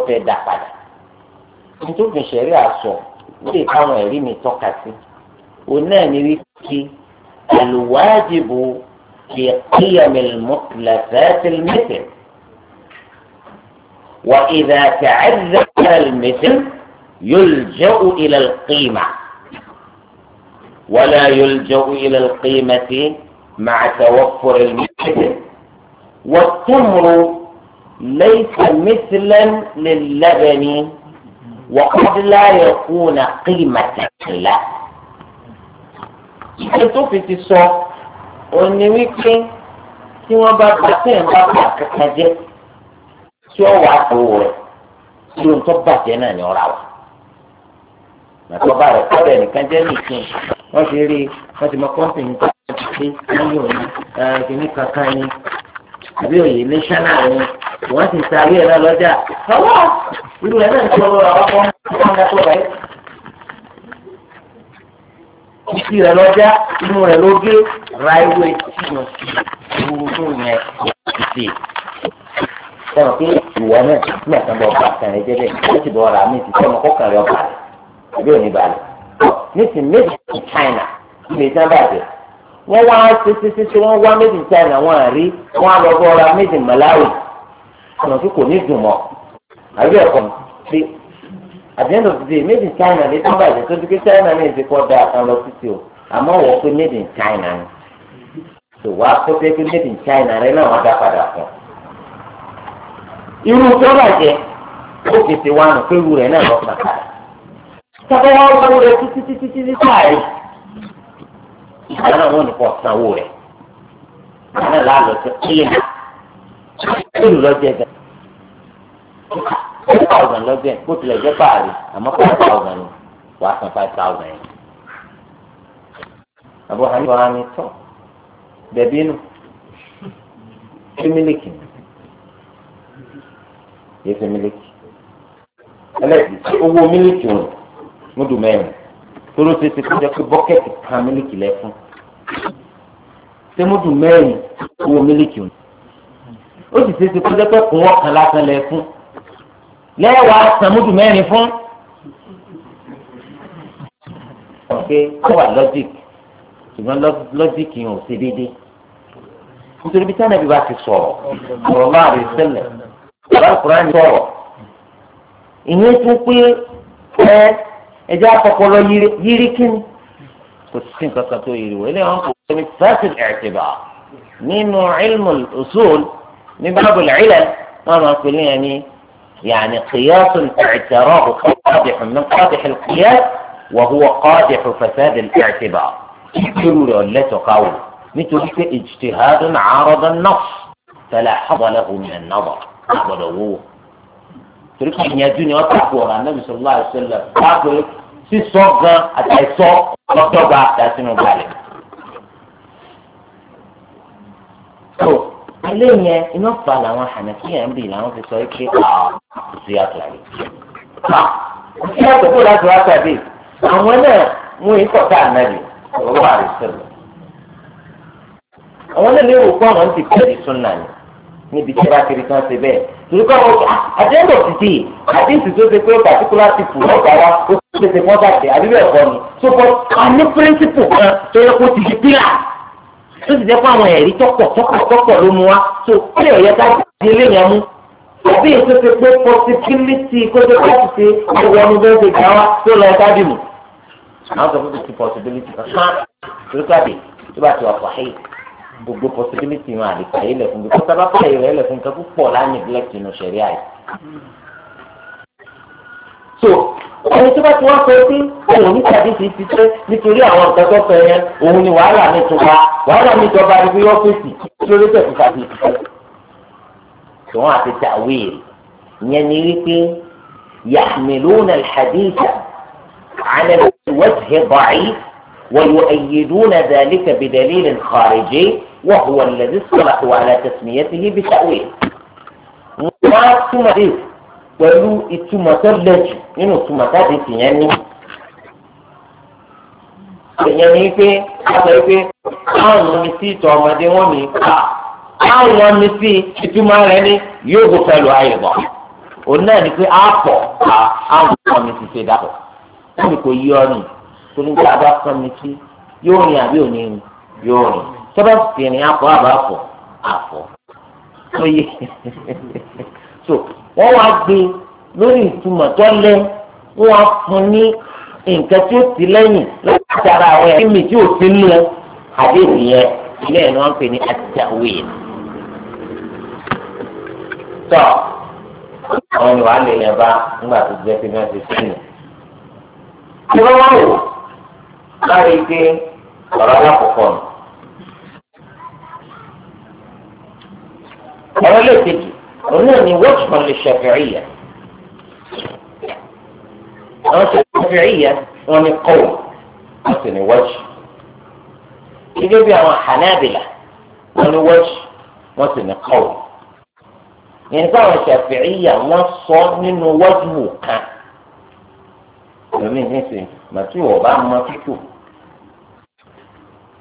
ẹ̀rí mi tọ́ka sí òun náà ní wípé. الواجب في قيم المثلثات المثل وإذا تعذر المثل يلجأ إلى القيمة ولا يلجأ إلى القيمة مع توفر المثل والتمر ليس مثلا للبن وقد لا يكون قيمة له ìṣe tó fi ti sọ òní wípé tí wọ́n bá gba tí ẹ̀ bá kankan jẹ́ tí ó wà àbòwò rẹ̀ tí ohun tó bàjẹ́ náà ni ó ra wà. Màtọ́ba rẹ̀ kọ́ bẹ́ẹ̀ nìkan jẹ́ nìkan wọ́n ti rí wọ́n ti mọ kọ́ńpìnì tó ti ṣe òní kìíní kankan ni àbí òye iléeṣẹ́ náà ni wọ́n ti sáré ẹ̀ náà lọ́jà. Ọwọ́ irú ẹ̀ náà ń sọ lọ́wọ́ àwọn ọmọ ọmọ ọmọ ọmọ ìsì rẹ̀ lọ́jà inú rẹ̀ ló gé ráìwé tìǹù ìwúrú yẹn ìsì. sọ̀rọ̀ pé ìwọ náà nígbà tí wọ́n bọ̀ bá àtàn rẹ̀ jẹ́ bẹ́ẹ̀ ó sì bọ̀ ra mi ti sọ́mọ kọ́kàn rẹ̀ ọ̀bà rẹ̀ ẹ̀bí ò ní balẹ̀. nísìnyí méjì ní China ilé tí wọ́n bàjẹ́ wọ́n wá ṣeṣeṣe wọ́n wá méjì China wọ́n àrí wọ́n á lọ bọ́ ra méjì Malawi ọ̀nà tí kò ní dùn mọ́ àbí ẹ̀kọ́ at the end of the day made in China ní tó bàjẹ́ tó dúkẹ́ China ní èdè kọ́ da àtàn lọ títí o àmọ́ wọ́n pé made in China ni tó wá kó pé pé made in China rẹ náà wọ́n dá padà fún irú tó bàjẹ́ ó fèsì wá nù pé irú rẹ̀ náà lọ́ pàtà sábà wá wọ́n rẹ̀ títí títí títí sáàyè ìgbà náà wọ́n ní kò sanwó rẹ̀ ìgbà náà lálọ́ sí kílìnà kílìnà lọ́jọ́ ẹ̀dá five thousand lọ́gbẹ̀ bó tilẹ̀ jẹ́ páàrí àmọ́ five thousand ni wàá san five thousand yẹn. àbọ̀ hàn wàá ní tọ́ bẹ̀bí nù ṣé mílíkì ni yìí ṣe mílíkì ẹlẹ́dì tí owó mílíkì wọn múdù mẹ́rin tóró ṣe ti kọjá pé bọ́kẹ́tì kan mílíkì lẹ fún ṣé múdù mẹ́rin owó mílíkì wọn ó sì ṣe ti kọjá pé kùn ọ̀kan lásán lẹ lẹ́wàá sàmúdù mẹ́rin fún. ọ̀kẹ́ kó wà logic ṣùgbọ́n logic yẹn ò ṣe déédéé. nítorí bí sànàbí bá ti sọ̀rọ̀ sọ̀rọ̀ máa rè sẹ́lẹ̀ bàbá kúránì sọ̀rọ̀. ìyẹn tún pé ẹ ẹjẹ́ àkọ́kọ́lọ́ yírí kíni kò sí nǹkan kan tó yírí wọ́n eléyàwó kò sí fásitì ẹ̀ẹ́dẹ̀bà nínú ilmul usul ní bábùl ilal wọ́n máa pè ní ẹni. يعني قياس الاعتراض قادح من قادح القياس وهو قادح فساد الاعتبار كل لا تقول مثل اجتهاد عارض النص فلا حظ له من النظر ولوه تريد ان يدوني وتقوى النبي صلى الله عليه وسلم قاتل في صوغا الاسوق وصوغا تاسين ذلك ilé yẹn iná fa làwọn hànàfíà ń bì làwọn fi sọ pé ah, kò sí àtàlẹ́ ah, kò sí àtàkùn láti wá tàbí àwọn náà wọn yìí kọ̀ọ̀tà ànábì ọ̀rọ̀ àrùsọ̀rọ̀ àwọn náà lè wò fún àwọn ti bẹ̀rẹ̀ súnà ni níbi tí wọ́n kiri kan ṣe bẹ́ẹ̀ torí kọ́ ọ̀gá àjẹ́ńdọ̀ títì àdéhùn tó ṣe pé pàtíkúlà ti fò ọ̀gá wa ó ṣe ṣe fọ́n bàtẹ́ àbí bẹ́ẹ̀ kọ́ ni so for a ní píríncípù kan tó yẹ kó ti di pílà tó sì jẹ́ pé àwọn ẹ̀rí tọ́pọ̀ tọ́pọ̀ tọ́pọ̀ ló mu wá tó ó lè yẹ ká di eléyàn mú bí èso ti pé pọsibílítì kótó láti ṣe ọwọ́ ọdún bẹ́ẹ̀ ṣe gbà wá tó lọ ká dì mú. àwọn sọ fún mi ti pọsibílítì kankan torípàdé tó bá ti wà fàáyé gbogbo pọsibílítì wọn àlè fàáyé lẹ̀ fún mi kó sábà fàáyé rẹ̀ lẹ̀ fún mi kó pọ̀ láàyè so ẹni tó bá ti wá sọ pé òun ní sàdísì ti tẹ nítorí àwọn nǹkan tó fẹ́ yẹn òun ni tàbí mi tó bá wàhálà mi tó bá ibi ọ́fíìsì lórí tẹ̀sí sàdísì tẹ. tòun àti tàwíì ìyẹn ni wípé yàmìlúnà sadisi te toun ati tawii yẹn على وجه ضعيف ويؤيدون ذلك بدليل خارجي وهو الذي اصطلحوا على تسميته بتأويل. ما ثم pẹ̀lú ìtumọ̀ tó lẹ̀ jù nínú ìtumọ̀ táàbí tìyẹn ní. èèyàn ní pé àtọ̀ yìí pé àwọn mi sí ìtọ̀ ọmọdé wọn mi àwọn mi sí ìtumọ̀ rẹ ní yóò bó pẹ̀lú àyẹ̀bọ̀ òun náà ni pé àpọ̀ àwọn mi ti ṣe dàpọ̀ wọ́n ní kò yí ọ nì torí pé àbá kan mi sí yóò rìn àbí òní rìn yóò rìn tọ́ba sì rìn àpọ̀ àbá àpọ̀ àpọ̀ tó yé so wọ́n wá gbé lórí ìtumọ̀ tó lé wọ́n wá fún ní nǹkan tí ó ti lẹ́yìn láti ara àwọn ẹ̀rí mi tí ò sí nù àdéhùn yẹn ilé ẹ̀ ni wọ́n ń pè ní àtàwìn. tọ́ àwọn ni wàá lè yẹn bá nígbà tó jẹ́ pé wọ́n ti sẹ́yìn. ìwọ́n wá wò lára ike ọ̀rọ̀ alákọ̀ọ́kọ́ nù. ọ̀rọ̀ lè kejì òun náà ni wọ́ọ̀tún lè ṣàfihàn àwọn ṣàfihàn wọn ni kọ́wọ̀ wọ́n sì ni wọ́ọ̀tún gẹ́gẹ́ bí àwọn hànábìlà wọn ni wọ́ọ̀tún wọ́n sì ni kọ́wọ̀ yẹn tí àwọn ṣàfihàn wọn sọ nínú wọ́ọ̀tún kan lómi nísìnyí màtí wọ́n bá mọ kíkù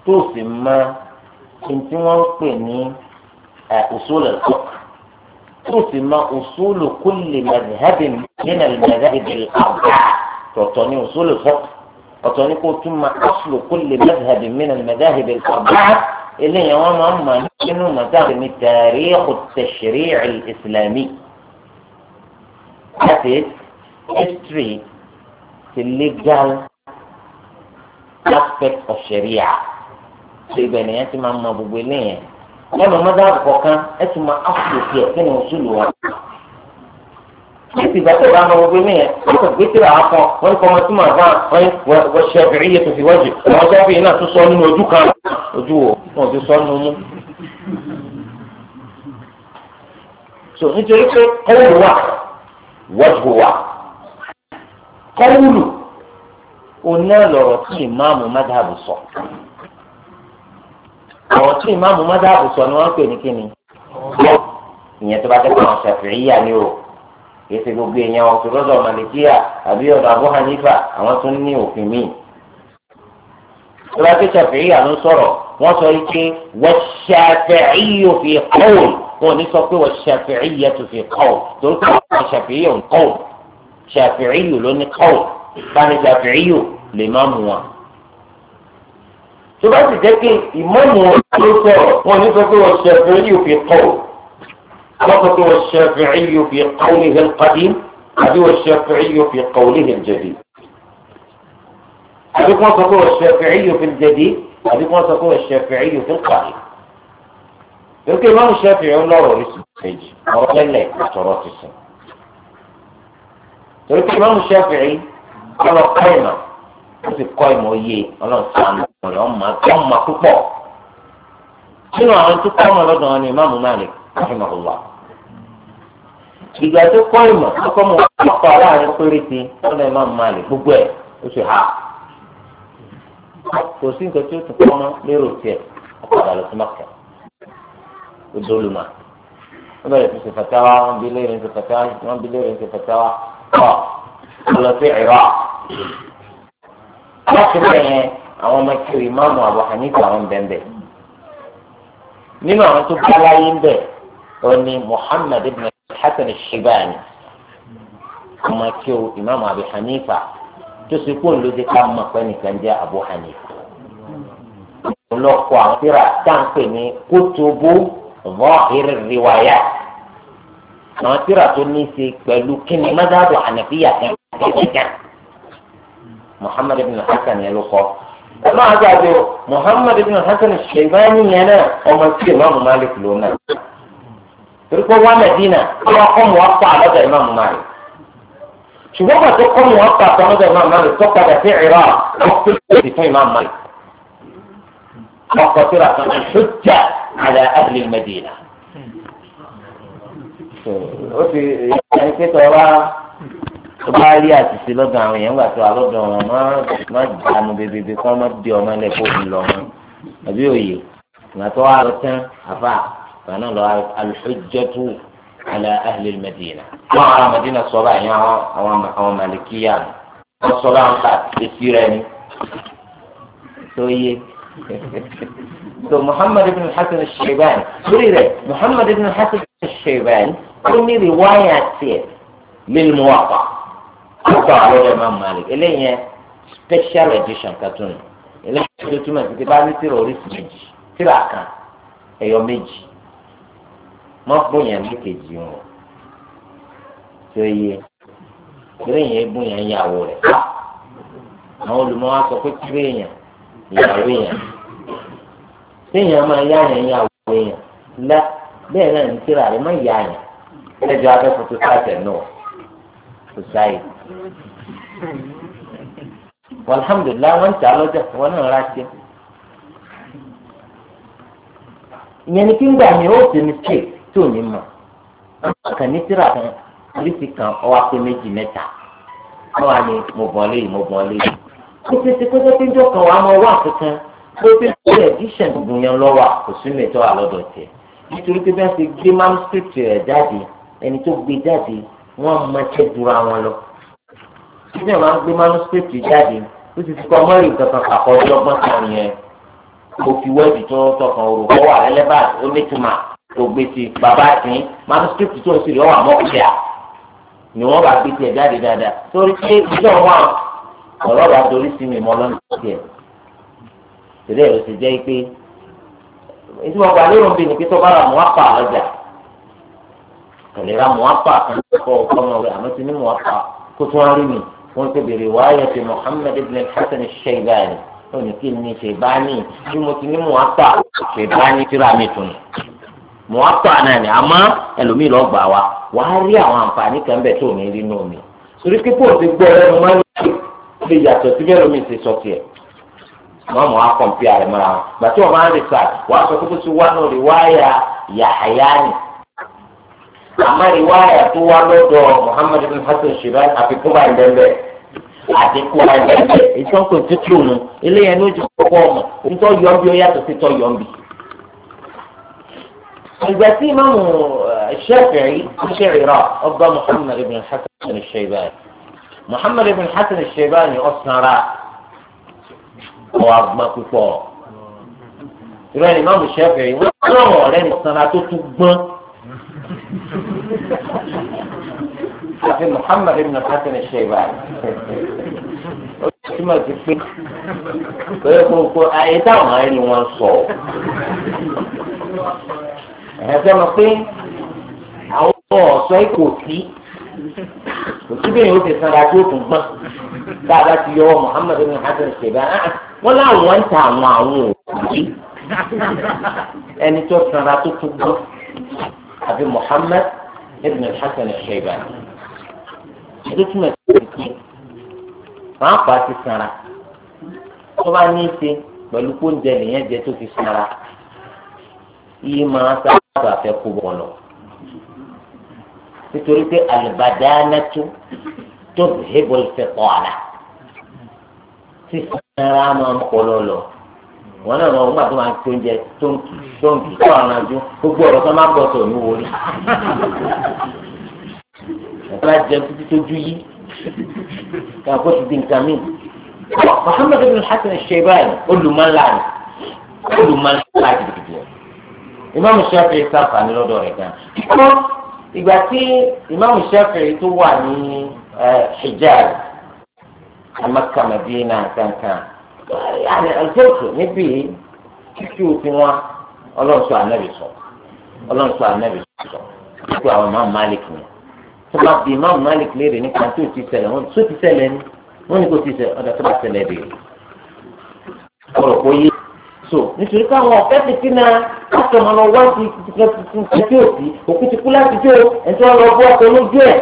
tó sì máa kí n tí wọ́n ń pè ní òṣòlè kọ́kọ́. تسمى أصول كل مذهب من المذاهب الأربعة تعطوني أصول الفقه تعطيني ثم أصل كل مذهب من المذاهب الأربعة اللي هي وما منه مذاهب تاريخ التشريع الإسلامي حتى is history, the legal aspect of Sharia. So ibẹ̀ nìyẹn ti lẹ́nu mọ́tà kọ̀ọ̀kan ẹ ti máa áfíìsì ẹ̀ kí ni òṣùlù wọn. Níbi ìgbà tó bá ọmọ gbogbo mi yẹn, wọ́n kò gbé tìrà akọ, wọ́n ní kọ́mọ túmọ̀ àbá, wọ́n ní wọ́n ṣe ẹ̀rí yẹn tó fi wọ́n jù, àwọn ṣẹ́fì yìí náà tún sọ nínú ojú kan, ojú wo, wọn ò sọ nínú mú. So nítorí pé kọ́wùlù wà, wọ́jú wà. Kọ́wùlù, òun náà lọ̀rọ̀ tí ìmáàmù mádàbù sọ àwọn tí ìmáàmù mọ́tàbù sọ ni wọ́n ń pè ní kíni ìyẹn tó bá tẹ́ kàn ṣàfihàn ni o kì í ṣe gbogbo èèyàn ọ̀tún lọ́dọ̀ màlìkíyà àbí ọ̀dọ̀ Abu Hanifa àwọn tún ní òfin míì tó bá tẹ́ ṣàfihàn ló sọ̀rọ̀ wọ́n sọ yìí pé wọ́n ṣàfihàn kọ́ọ̀l wọn ò ní sọ pé wọ́n ṣàfihàn tó fi kọ́ọ̀l torí pé wọ́n ṣàfihàn kọ́ọ̀l ṣàfihàn ló ní kọ́ọ̀l tó bá ti jẹ́ pé ìmọ̀mù ló sọ̀rọ̀ wọn ní sọ pé wọ́n ṣẹ̀fẹ̀ yóò fi kọ́ ọ́ àwọn sọ pé wọ́n ṣẹ̀fẹ̀ yóò fi kọ́ ọ́ níhìn kadì àbí wọ́n ṣe ṣẹ̀fẹ̀ yóò fi kọ́ ọ́ níhìn jẹ̀dì àbí wọ́n sọ pé wọ́n ṣẹ̀fẹ̀ yóò fi jẹ̀dì àbí wọ́n sọ pé wọ́n ṣẹ̀fẹ̀ yóò fi kadì. lókè ìmọ̀mù ṣẹ̀fẹ̀ yóò lọ́rọ̀ oríṣi kejì ọ̀rọ̀ lẹ́lẹ̀ ó sì kọ́ ìmọ̀ òye ọlọ́run tó àná ọ̀rẹ́ ọmọ ọmọ púpọ̀ nínú àwọn tó kọ́ ọmọ lọ́dọ̀ wọn ni imáàmù Malik rahimahullah ìgbà tó kọ́ ìmọ̀ tó kọ́ mọ̀ ọ̀pọ̀ aláàrin péréte lọ́dọ̀ imáàmù Malik gbogbo ẹ̀ ó sì ha kò sí nǹkan tí ó tún kọ́ mọ́ lérò tiẹ̀ ọ̀pọ̀lọpọ̀ àlọ́sọ́mọ́kẹ́ odoluma wọ́n bẹ̀rẹ̀ fi ṣe fatawa wọ́n bi léèrè ṣe fatawa wọ́n bi léèrè ṣe fatawa kọ́ ọlọ́sẹ̀ ìrọ̀ lọ́kùnrin yẹn àwọn ọmọ kiri máàmù Abu Hanifa àwọn bẹ́ẹ̀ nínú àwọn tó bá láyé ń bẹ̀ ọ ni Muhammad ibn Hasan al-Shibani ọmọ kí o ìmáàmù Abu Hanifa tó sì kó ló dé ká mọ̀ pé nìkan jẹ́ Abu Hanifa ọlọ́kọ̀ àwọn tíra táǹpẹ̀ ní kótóbó zahir riwaya àwọn tíra tó ní í ṣe pẹ̀lú kíni mọ́tàbọ̀ ànàfíyà kan kẹ́kẹ́ kan. محمد بن الحسن يا يلقى ما أجابه محمد بن الحسن الشيباني ينا ومسير إمام مالك لونا تركوا وانا دينا ومدينة وقم وقع هذا إمام مالك شو بقى تقوم وقع هذا إمام مالك تقع في عراق وقتل في إمام مالك وقصرة الحجة على أهل المدينة وفي يعني في tó bá rí àtìsí lọ́dọ̀ àwọn èèyàn gbà tó wà lọ́dọ̀ wọn má má dànù bèbèbè kọ́ má di ọmọ ilẹ̀ kó fi lo mọ́ wọn àbí òye ìgbà tó wà lọ́tàn àfà ìgbà náà lọ al-hujjatu ala ahli al-madina. àwọn ará wọn sọ báyìí bá yẹn awon àwọn malikiya wọn sọ báwọn ká etí rẹ ni tó yé so Muhammad ibn Hasan al lórí rẹ Muhammad ibn Hasan al ó ní rí wáyà tiẹ̀ lil Muwatta. kópa lọ́dọ̀ máa ma lè eléyẹn special edition cartoon eléyìí tó túmọ̀ sí pé bá ní tìrọ oríṣi méjì tìrà kan ẹ̀yọ méjì mọ́ fún yẹn lékejì wọn tó yẹ eléyìí egún yẹn yàwó rẹ̀ àwọn olùmọ̀ wa sọ pé kílé yẹn ìyàwó yẹn téèyàn máa yá yẹn yàwó yẹn lẹ bẹ́ẹ̀ náà ní tìrà rẹ̀ má yá yẹn ẹ̀jọ̀ abẹ́ fotosátẹ̀ náà kò sáyé alhamdulilayi wọn ń tà lọ́jà wọn náà ra jẹ ìyẹn ni kí n gbà mí ó sì ní tè tí ò ní mọ kàn ní tíra kan oríṣi kan ọwọ́ pé méjì mẹ́ta wọn wà ní mo bọ̀ lé mo bọ̀ lé kó tètè kó tètè jọ kan wà á mọ wà kankan kó tètè kó ẹdíṣẹ gbogbo yẹn lọ wà kò sínú ètò àlọdọ tiẹ nítorí pé bẹ́ẹ̀ ṣe gbé manuscript rẹ̀ jáde ẹni tó gbé jáde wọ́n mọ ẹsẹ̀ dúra wọn lọ tí ẹ máa ń gbé manuscript jáde ó ti fi kọ́ mọ́rin kankan kàkọ́ ọlọ́gbọ́n kan yẹn kò fi wẹ́ẹ̀dì tó tọkàn òrò kọ́ wà lẹ́lẹ́bà ó ní tuma kò gbé ti bàbá sí manuscript tó ń sèrè ọ̀wà mọ́kìá ni wọ́n bá gbé tiẹ̀ jáde dáadáa torí pé ìjọ wọn ọ̀rọ̀ bá dorí sí mi mọ́ lọ́nà tiẹ̀ tẹ̀lé ẹ̀ ló ti jẹ́ pé ètò ọgbà lérò ń bì ní pé tó bá ra mọ́ apá ọjà kò lè ra mọ́ apá kan kọ́ ọkọ́ ọmọ rẹ̀ àmọ́ ti ní mọ́ apá kó tún wá rí mi wọ́n ti bèrè wáyà ti Muhammad ibn Hasan al-Shaybani ó ní kí ni Shaybani bí mo ti ní muwatta Shaybani tíra mi tún ni muwatta náà ni àmọ́ ẹlòmíì lọ gbà wá wàá rí àwọn àǹfààní kan bẹ̀ tó ní rí nù mí torí pípọ̀ ti gbọ́ ẹnu máa ń lè yàtọ̀ síbẹ̀ lómi ti sọ tiẹ̀ wọn mọ akọmpi àrẹ wọn gbàtí wọn máa ń rìsà wọn sọ pé kó tí wọn náà rí wáyà yàháyà ni àmọ́ ìwáyà tó wá lọ́dọ̀ Muhammad bin Hasan Shibani àfikún bá ìdẹ́gbẹ́ àdínkù àìlẹ́gbẹ́ ìtọ́kùn títù nù eléyẹn ní ojú kọ́kọ́ ọmọ ìtọ́ yọ̀ǹbi ó yàtọ̀ sí tọ́ yọ̀ǹbi. ìgbà tí ìmáàmù eh, Shafi'i ṣèrìrà ọba Muhammad bin Hasan Shibani Muhammad bin Hasan Shibani ọ̀sánra ọ̀ àgbà púpọ̀ ìrọ̀ ìmáàmù Shafi'i wọ́n rọ̀ ọ̀rẹ́ nìkanra àfi Muhammad ibn Hasan al-Shaybani ó túmọ̀ sí pé pé kókó ayé táwọn ẹni wọn sọ ẹ̀hẹ́ sẹ́nu pé àwọn ọ̀sọ́ kò sí kò síbi yìí ó ti sanra tó tún gbọ́n dáadáa ti yọwọ́ Muhammad ibn Hasan al-Shaybani ah, láwọn ń ta àwọn àwọn òbí ẹni tó sanra tó tún gbọ́n àbí Muhammad ibn al-Hasan al-Shaybani ètò túmọ̀ sí ìpè pàápàá ti sanra tó bá ní í ṣe pẹ̀lú kóúnjẹ nìyẹn jẹ tó fi sanra yìí máa sábà fẹ́ kó bọ̀ lọ nítorí pé al-badanatu tuzhibu al-fitana sísanra máa ń kọ́ lọ́lọ́ wọn náà wọn gbà máa tó ń kì tó ń tó àrùn àjò gbogbo ọ̀rọ̀ tó máa ń bọ̀ ní wọlé. ọ̀pọ̀ láti jẹun títí tó jú yí káà kó ti di nǹkan mí. Muhammad ibn Hasan Shaybani olùmọ̀lá ni gidigidi ẹ̀. ìmáàmù Shafi'i sáfàní lọ́dọ̀ rẹ̀ gan. ìgbà tí ìmáàmù Shafi'i tó wà ní Hijaz, Amakka Madina kankan àjọṣù níbí títí òfin wa ọlọ́sọ ànábì sọ ọlọ́sọ ànábì sọ títí àwọn máa Malik ni tó bá bí máa Malik léèrè nípa tó ti ṣẹlẹ̀ wọn tó ti ṣẹlẹ̀ ni wọn ni kò ti ṣẹlẹ̀ ọ̀dà tó bá ṣẹlẹ̀ dè ọ̀rọ̀ kò yé so nítorí káwọn ọ̀fẹ́ ti fi náà láti ọmọ lọ wá sí ẹjọ́ òsì òkú ti kú láti jó ẹjọ́ lọ bọ́ ọkọ̀ lójú ẹ̀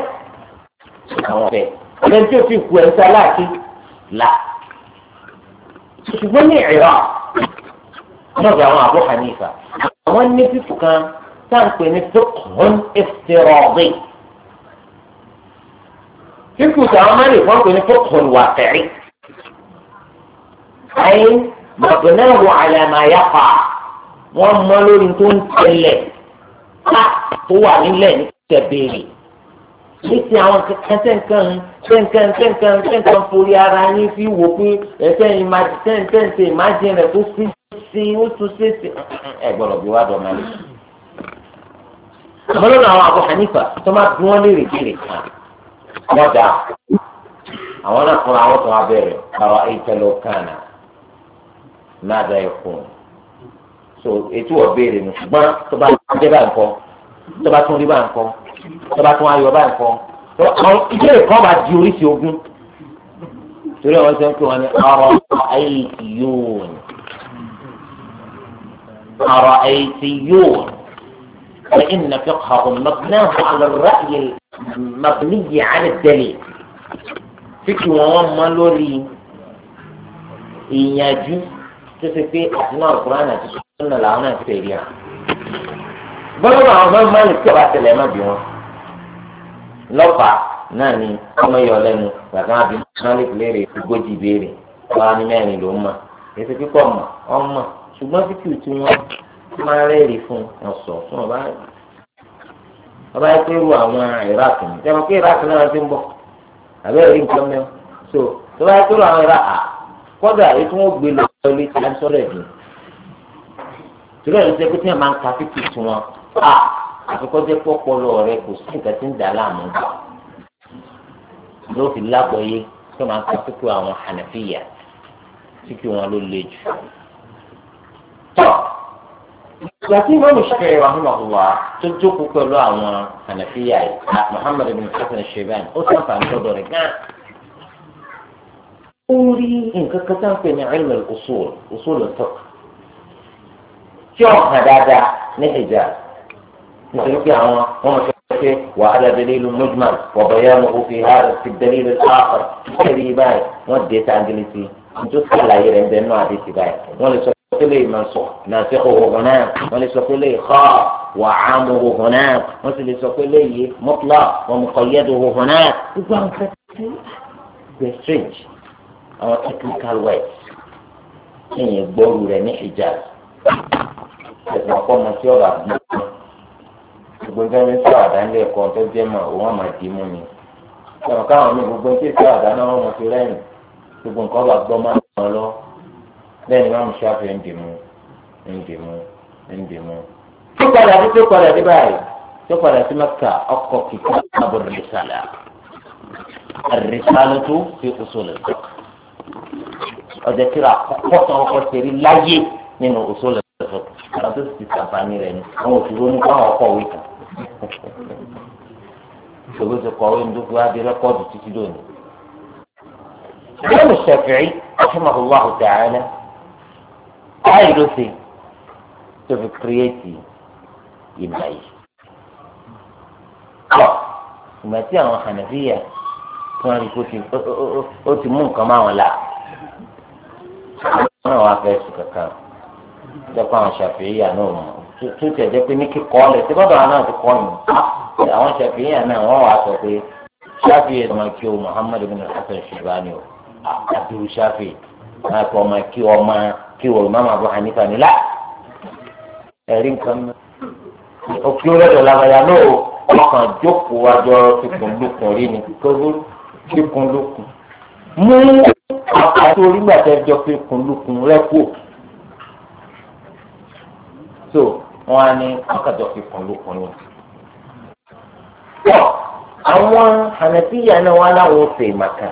àwọn ọ̀fẹ́ ẹjọ́ ti kú ẹ̀ ń là ṣùgbọ́n ní ìrà lọ́dọ̀ àwọn Abu Hanifa àwọn ní fífò kan táǹpẹ̀ ní fiqhun iftiradi fífò táwọn máa lè fọ́n pé ní fiqhun waqi'i ayé mabnahu ala ma yaqa wọ́n mọ́ lórí tó ń tẹ̀lẹ̀ tó wà nílẹ̀ ní kẹ̀bẹ̀rẹ̀ nísìnyí àwọn kankan sẹ́ǹkan sẹ́ǹkan sẹ́ǹkan sẹ́ǹkan forí ara yín fi wò pé ẹ̀sẹ̀ sẹ́ǹtẹ̀ǹtẹ̀ ìmájìn rẹ̀ tó sí sí ó tún sí sí ẹ gbọ́dọ̀ bí wàá dọ̀mọ́ lé. àmọ́ lọ́nà àwọn àbọ̀ hanifa tó máa bí wọ́n léèrè kéèrè kan wọ́n dà àwọn náà fúnra wọn tó wá bẹ̀rẹ̀ ọ̀rọ̀ ìtẹ̀lẹ̀ kánà náà dá ẹ̀kún so ètò ọ̀bẹ̀rẹ̀ nù ṣùgbọ́n tó bá jẹ́ bá nǹkan tó bá tọ́ba tó wá yọ báyìí kọ́ ìbéèrè kan bá di oríṣi ogún torí àwọn sọ pé wọn ni ọ̀rọ̀ àìsí yóò ní ọ̀rọ̀ àìsí yóò ní ìnà fi kàwọn mọ̀gbìnàmù àlọ́ráyè mọ̀gbìnìyì àdẹ̀dẹ̀lẹ̀ fífi wọn wọn mọ lórí ìyànjú tó ṣe pé àti náà kúránà ti sọ náà làwọn náà ṣe rí àwọn bọ́lá àwọn ọmọ máa ń tí ọba tẹ̀lé ẹ̀ má bí wọn. lọ́fà náà ni ọmọ yọ lẹ́nu gbàgbọ́n àbí malik léèrè ogójì béèrè wọ́n á ní mẹ́rin ló ń mọ̀ èsì kíkọ́ mọ̀ ọmọ ṣùgbọ́n fífi tí wọ́n máa rẹ́ẹ̀rì fún ọ̀sọ̀ fún ọba ọba yẹ pé ru àwọn iraq ni jẹ́wọ́n pé iraq náà ti ń bọ̀ àbẹ́rẹ́ rí nǹkan mẹ́wọ́ so tó bá yẹ pé ru àwọn iraq kọ́dà èyí tí gbé lọ lórí tí wọ́n sọ̀rọ̀ ẹ̀ dùn torí ẹ̀ ló jẹ́ tí wọ́n máa ń ka fífi tí wọ́n a àfikọ́jẹ́ pọ́pọ́lọ rẹ kò sí nǹkan tí ń dà láàmú gbà ló fi lágbọ́yé tó máa ká síkú àwọn hànàfíyà síkú wọn ló le jù. tọ́ ìgbà tí wọ́n lè ṣe ìwà hàn wá tó jókòó pẹ̀lú àwọn hànàfíyà yìí Muhammad bin Hasan Shebani ó sàǹfààní lọ́dọ̀ rẹ̀ gán. ó rí nǹkan kan ń pè ní ilmul usul usul al tí ó hàn dáadáa ní Hijaz nítorí pé àwọn wọn sọ pé wàhálà dalilu mujmal wa bayanu fi hàrà fi dalilu al-akhar kẹrì báyìí wọn dé tangili sí nítorí sàlàyé rẹ̀ ń bẹ nínú àdéhùn báyìí wọn lè sọ pé lè máa sọ nasikhuhu hunak wọn lè sọ pé lè kọ́ wà ámuhu hunak wọn sì lè sọ pé lè yé mutlaq wa muqayyaduhu hunak gbogbo àwọn fẹ́ tí they strange àwọn technical words ẹ̀yìn gbọ́rù rẹ̀ ní Hijaz ẹ̀sìn ọ̀pọ̀ ọmọ tí ọ̀rọ̀ àbúrò gbogbo nǹkan mi sọ àdá nílé ẹ̀kọ́ tó jẹ́ mọ̀ òun àmà dì í mú mi sọ̀rọ̀ káwọn mi gbogbo tí sọ àdá náà wọ́n fi rẹ́yìn gbogbo nǹkan bá gbọ́ máa ń lọ lọ bẹ́ẹ̀ ni wọ́n mú sáfì ń dì mú ń dì mú ń dì mú. tó padà bí tó padà dé báyìí tó padà sí mẹ́ta ọkọ̀ kìkà àbọ̀ rìsàlà rìsàlà tó fi òṣòlè ọjọ́ kíra àkọ́kọ́ tó ọkọ̀ tó ọkọ̀ ìṣòro ti kọ̀wé ndókòwò adé rẹ́kọ́ọ̀dù títí lónìí. ìyáwó Ṣafi'i rahimahullahu ta'ala báyìí ló ṣe tó fi kírẹ́ẹ̀tì ìmọ̀ yìí. ìgbà tí àwọn Hanafiya tí wọ́n rí kó ó ti mú nǹkan máa wọn la wọ́n náà wá sùn kankan jẹ́ pé àwọn Ṣafi'i náà mọ̀ tó tẹ̀ jẹ́ pé ní kíkọ́ ọ̀lẹ̀ tí bàbá náà ti kọ́ yìí àwọn ṣàfihàn náà wọ́n wàá sọ pé ṣáfì ẹ̀ máa kí o muhammadu bin hasan ṣubani o àdúró ṣáfì máa kọ́ máa kí o máa kí o máa máa bọ́ hanifa nílá ẹ̀rí nǹkan mi òkè olódò làbàyà náà ọkàn jókòó wájọ kíkun lókun rí ni kíkun lókun mú àti orígbàtẹ́jọ́ kíkun lókun rẹ́ kú wọn á ní ọkàdọ̀ fi kàn ló kàn ní. pọ̀ àwọn hànàfíyà náà wọn aláwọ̀ ọ̀sẹ̀ ìmàkà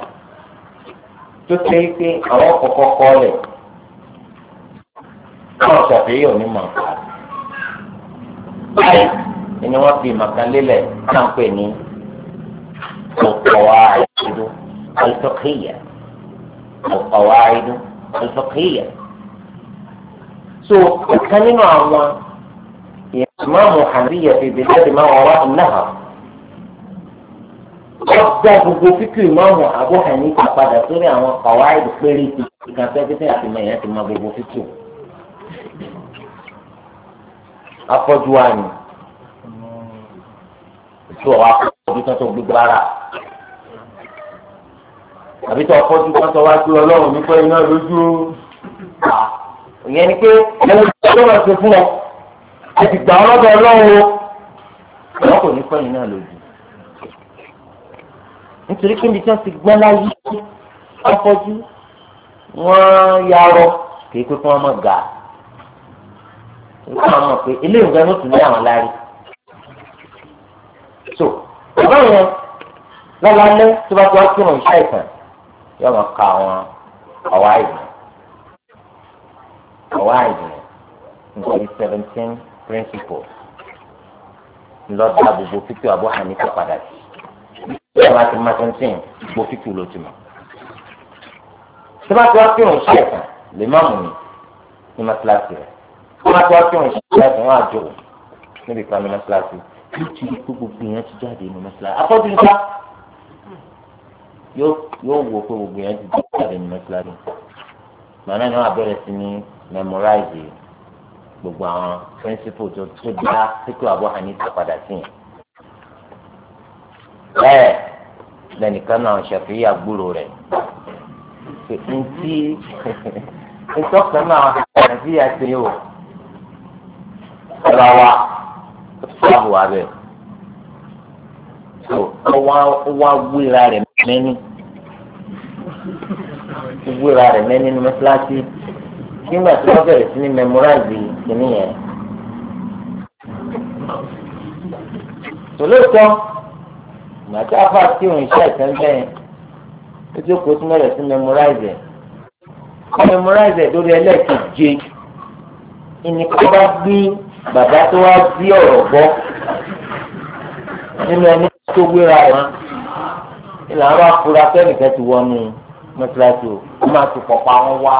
tó ṣe é pé àwọn kọ̀ọ̀kan kọ́ lẹ̀ káwọn ṣàfihàn ní màkà. báyìí ni wọ́n fi ìmàkà lélẹ̀ náà ń pè ní القواعد الفقهية القواعد الفقهية so ọ̀kan nínú àwọn ìmáàmù hàníyà في bẹ̀rẹ̀ ما máa wọ́n wá náà. wọ́n dá gbogbo fíkì ìmáàmù Abu Hanifa padà sórí àwọn kọ̀wá ìdúpẹ́rẹ́ ti ìkan sẹ́kítẹ́ àti mẹ̀yẹ́ ti máa gbogbo fíkì. afọ́jú wa ni tó wá fọ́jú tó tó gbogbo ara àbí tó fọ́jú tó wá sí ọlọ́run nípa iná lójú. ìyẹn ni pé ẹni tó lọ́wọ́ ṣe fún ọ a ọlọ́dọ̀ ọlọ́run o kò ní pẹ́yìn náà lòdì nítorí pé ibi ti gbọ́n láyé afọ́jú wọ́n yarọ kì í pé kí wọ́n mọ̀ gà nígbà wọn mọ̀ pé eléyìí nǹkan ló tún ní àwọn lárí so bàbá yẹn lọ́lálẹ́ tó bá tó wá kírun iṣẹ́ ìtàn yóò máa ka àwọn ọ̀wá ìdùnnú ọ̀wá ìdùnnú nǹkan bíi seventeen principle ńlọ́dà gbogbo fífi Abu Hanifa padà sí ìjọba láti máa tó ń sìn gbogbo fífi ló ti mọ̀. síbáàtì wá kírun sí ẹ̀sán lè má mú mi ní mọ́tíláṣí rẹ̀ síbáàtì wá kírun sí ẹ̀sán wọn àjò níbi kan ní mọ́tíláṣí yóò ti rí pé gbogbo yẹn ti jáde ní mọ́tíláṣí afọ́jú nípa yóò wò pé gbogbo yẹn ti jáde ní mọ́tíláṣí màá náà ni wọ́n abẹ́rẹ́ sí ní memorize yìí gbogbo àwọn píríncípù tó tó dá síkú àbọ̀ hanifa padà sí yẹn. bẹ́ẹ̀ lẹ́nìkan náà ṣàfihàn àgbúrò rẹ̀ ntí ìtọ́kùn náà ṣàfihàn àti yìí o ọ̀rọ̀ wa ṣáàbù wa bẹ́ẹ̀ so wá wíra rẹ̀ mẹ́ni wíra rẹ̀ mẹ́ni ní mẹ́tíláṣí nígbà tí wọ́n bẹ̀rẹ̀ sí ní memorize kìíní yẹn. tòlóòtọ́ ìgbà tí afa tí òun iṣẹ́ ìtẹ́ńbẹ́ yẹn ó tí ó kó tí wọ́n bẹ̀rẹ̀ sí memorize ẹ̀ kọ́ memorize ẹ̀ lórí ẹlẹ́ẹ̀keje ìní kọ́ bá gbé bàbá tó wá bí ọ̀rọ̀ gbọ́ nínú ẹni tó gbéra wọn ìlànà àfúrásẹ́ nìkan ti wọnú mọ́tíláṣí o kó máa ti pọ̀ pa wọn wá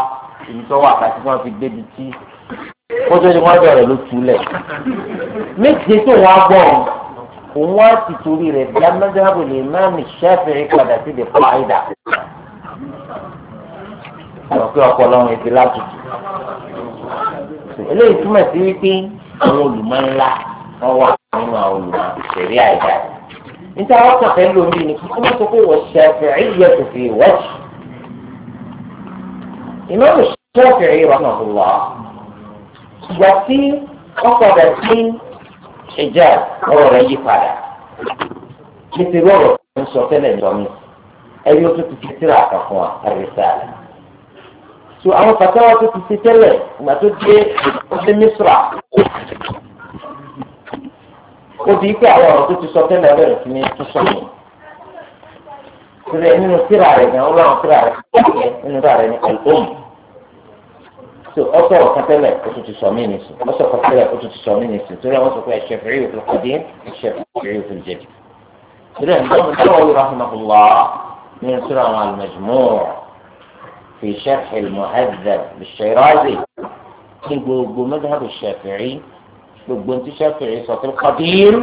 ibi tó wà àti wọn fi débi tí kótó ni wọn bẹ̀rẹ̀ ló túlẹ̀ méje tó wọn gbọ́ òun wá ti torí rẹ̀ bí amájáàbò lè má mi ṣẹ́fẹ̀ẹ́ padà sí the fàáìdà àwọn pé ọpọlọ wọn ti látùtù eléyìí túmọ̀ sí wípé àwọn olùmọ̀ ńlá wọn wà nínú àwọn olùmọ̀ ìṣẹ̀rí àìdá níta wọn kàn fẹ́ lómi ni kókó mọ́tò kó wọ́n ṣẹ́fẹ̀ẹ́ yẹ kò fi wọ́ọ̀ṣì. إمام Shafi'i rahmatullah ìgbà tí wọ́n padà sí ìjà ọ̀rọ̀ rẹ̀ yí padà nítorí ọ̀rọ̀ ń sọ tẹ́lẹ̀ ní ọmọ ẹni tó ti fi síra kan fún wa àrísà rẹ̀. so àwọn fatawa tó ti fi tẹ́lẹ̀ ìgbà tó dé ọdún mísírà ó pé àwọn ọ̀rọ̀ tó ti sọ tẹ́lẹ̀ bẹ̀rẹ̀ sí ní tún sọ yìí síra nínú síra rẹ̀ gan-an ó láwọn nínú síra rẹ̀ ní ọ̀dọ́ mi. so ọsọ ọkàtẹlẹ oṣù ti sọ mí nìsín ọsọ ọkàtẹlẹ oṣù ti sọ mí nìsín torí àwọn sọ pé ẹṣẹfìrí òfin kọdí ẹṣẹfìrí òfin jẹbi torí ẹni tó ń tọ́ ọ rahmatullah ní sọ́rọ̀ àwọn al-Majmu' fi Sharh al-Muhadhab al-Shirazi ní gbogbo madhhab al-Shafi'i gbogbo ní Shafi'i sọ pé qadir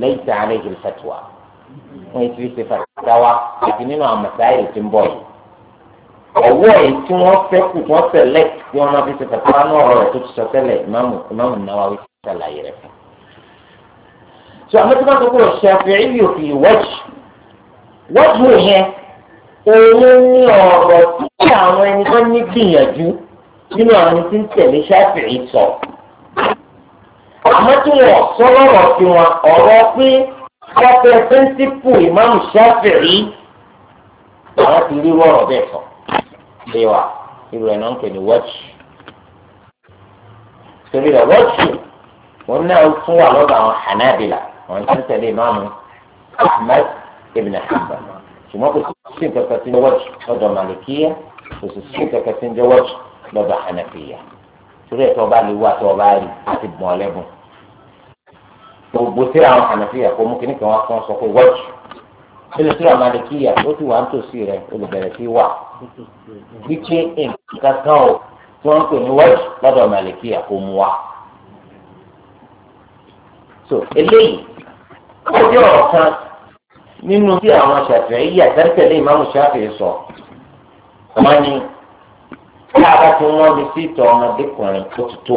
laysa alayhi al-fatwa wọn ti fi ṣe fatawa àti nínú àwọn masáyìí ti ń bọ̀ yìí. ọwọ́ yìí tí wọ́n fẹ́ kù tí wọ́n tẹ̀lé bí wọ́n máa fi ṣe fàtàrà náà ọ̀rọ̀ rẹ̀ tó ti sọ tẹ́lẹ̀ ìmáàmù ìmáàmù Nawawi ṣàlàyé rẹ̀ fún. sọ àmọ́ tí wọ́n tó kúrò Ṣafi'i yóò fi wọ́jù wọ́jù yẹn òun ní ọ̀rọ̀ tí àwọn ẹni tó ní gbìyànjú nínú àwọn ẹni tí ń tẹ̀lé Ṣafi'i sọ. àmọ́ tí wọ́n sọ lọ́rọ̀ sí wọn ọ̀rọ̀ pé wọ́n fẹ́ píńsípù ìmáàmù Ṣafi'i àwọn ti rí wọ́rọ̀ bẹ́ẹ̀ sọ léwà irú ẹ̀ náà ń pè ní wọ́ọ̀tì torí rẹ̀ wọ́ọ̀tì wọn náà tún wà lọ́dọ̀ àwọn hanabila wọn ti ń tẹ̀lé ìmáàmù ahmed ibn hanbal ṣùgbọ́n kò sí nǹkan kan tí ń jẹ́ wọ́ọ̀tì lọ́dọ̀ malikiya kò sì sí nǹkan tí ń jẹ́ wọ́ọ̀tì lọ́dọ̀ hanafiya torí ẹ̀ tó ọba lè wá tó ọba rí láti gbọ́n lẹ́bùn gbogbo tí àwọn hanafiya kò mú kíní kan wọ́n sọ pé wọ́ọ̀tì nínú síra malikiya o sì wà nítòsí rẹ olùbẹ̀rẹ̀ sí wà wípé nǹkan kan o tí wọ́n ń pè ní wẹ́ẹ̀sì lọ́dọ̀ malikiya kò mú wa. so eléyìí ó jẹ́ ọ̀kan nínú bí àwọn Ṣàfi'í yíyà tẹ́lẹ̀tẹ́lẹ̀ ìmáàmù Ṣàfi'í sọ wọ́n ní bí a bá ti wọ́n mi sí ìtọ̀ ọmọdékùnrin tó ti tó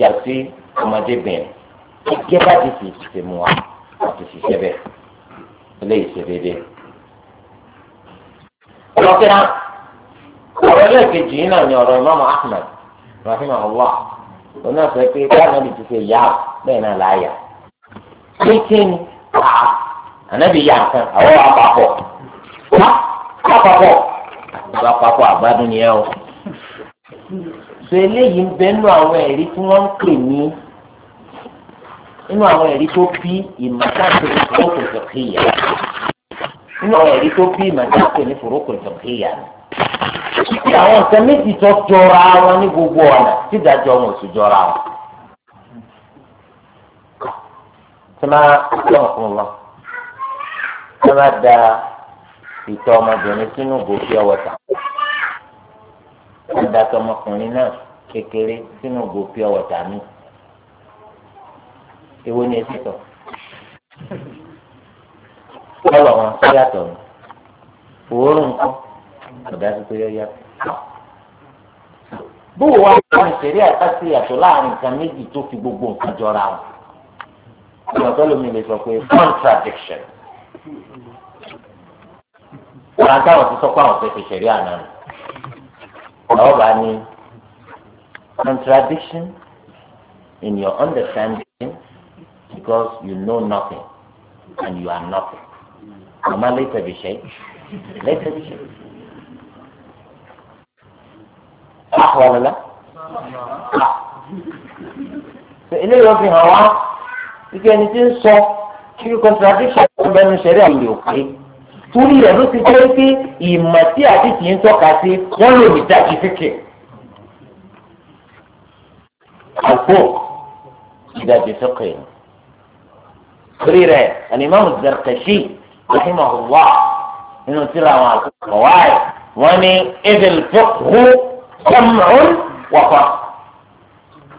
yàtí ọmọdébìnrin ẹgbẹ́ bá ti fi ṣe mu wa àti ṣiṣẹ́ bẹ́ẹ̀ eléyìí ṣe déédé. ọlọ́kẹ́ra ọ̀rọ̀ ẹlẹ́ẹ̀kejì yìí náà ni ọ̀rọ̀ Imam Ahmad rahimahullah oní ọ̀sẹ̀ pé káàná lè ti ṣe yá ọ bẹ́ẹ̀ náà láàyà. kíkín ànábì yá nǹkan àwọn àpapọ̀ àpapọ̀ àpapọ̀ àgbádùn yẹn o. sọ eléyìí ń bẹ́ẹ̀ nù àwọn ẹ̀rí tí wọ́n ń pè ní nínú àwọn ẹ̀rí tó bí ìmọ̀tàkùn ní fòrókò ìfọ̀kìyà nínú àwọn ẹ̀rí tó bí ìmọ̀tàkùn ní fòrókò ìfọ̀kìyà títí àwọn nǹkan méjì tó jọra wọn ní gbogbo ọ̀nà tí ìdájọ́ wọn ò sì jọra wọn. sọ́nà ọ̀gbọ́n fún wọn sọ́nà da ìtọ̀ ọmọbìnrin sínú gòkè ọ̀wọ́ta wọ́n da tọmọkùnrin náà kékeré sínú gòkè ọ̀wọ́ta míì èwo ni èsì tọ̀ ọlọ wọn kọ yàtọ̀ ni òórùn kọ ọ̀dà tó yọ yàtọ̀ bóòwò àwọn ìṣeré àtàkì yàtọ̀ láàrin nǹkan méjì tó fi gbogbo nǹkan jọra wọn ọ̀nà tó lómi lè sọ pé contradiction ọ̀nà táwọn ti sọ pé àwọn fẹ́ fi ṣẹ̀rí àná rẹ̀ ọ̀rọ̀ bá ní contradiction in your understanding because you know nothing and you are nothing. Mama, later bí ṣe later bí ṣe. Ah, Eléyìí wọ́n fi hàn wá ike ẹni tí ń sọ kí contradiction ọ̀gbẹ́ nu ṣẹ̀rí àlè òkè. Torí rẹ̀ ló ti jẹ́ pé ìmọ̀ tí àdìsí ń tọ́ka sí wọ́n lò ní dájú síkè. Àgbo ìdajì sọ́kè torí rẹ̀ alimami zarkashi rahimahullah nínú tíra àwọn àkókò wáyé wọn ní idil fiqhu sam'un wọkọ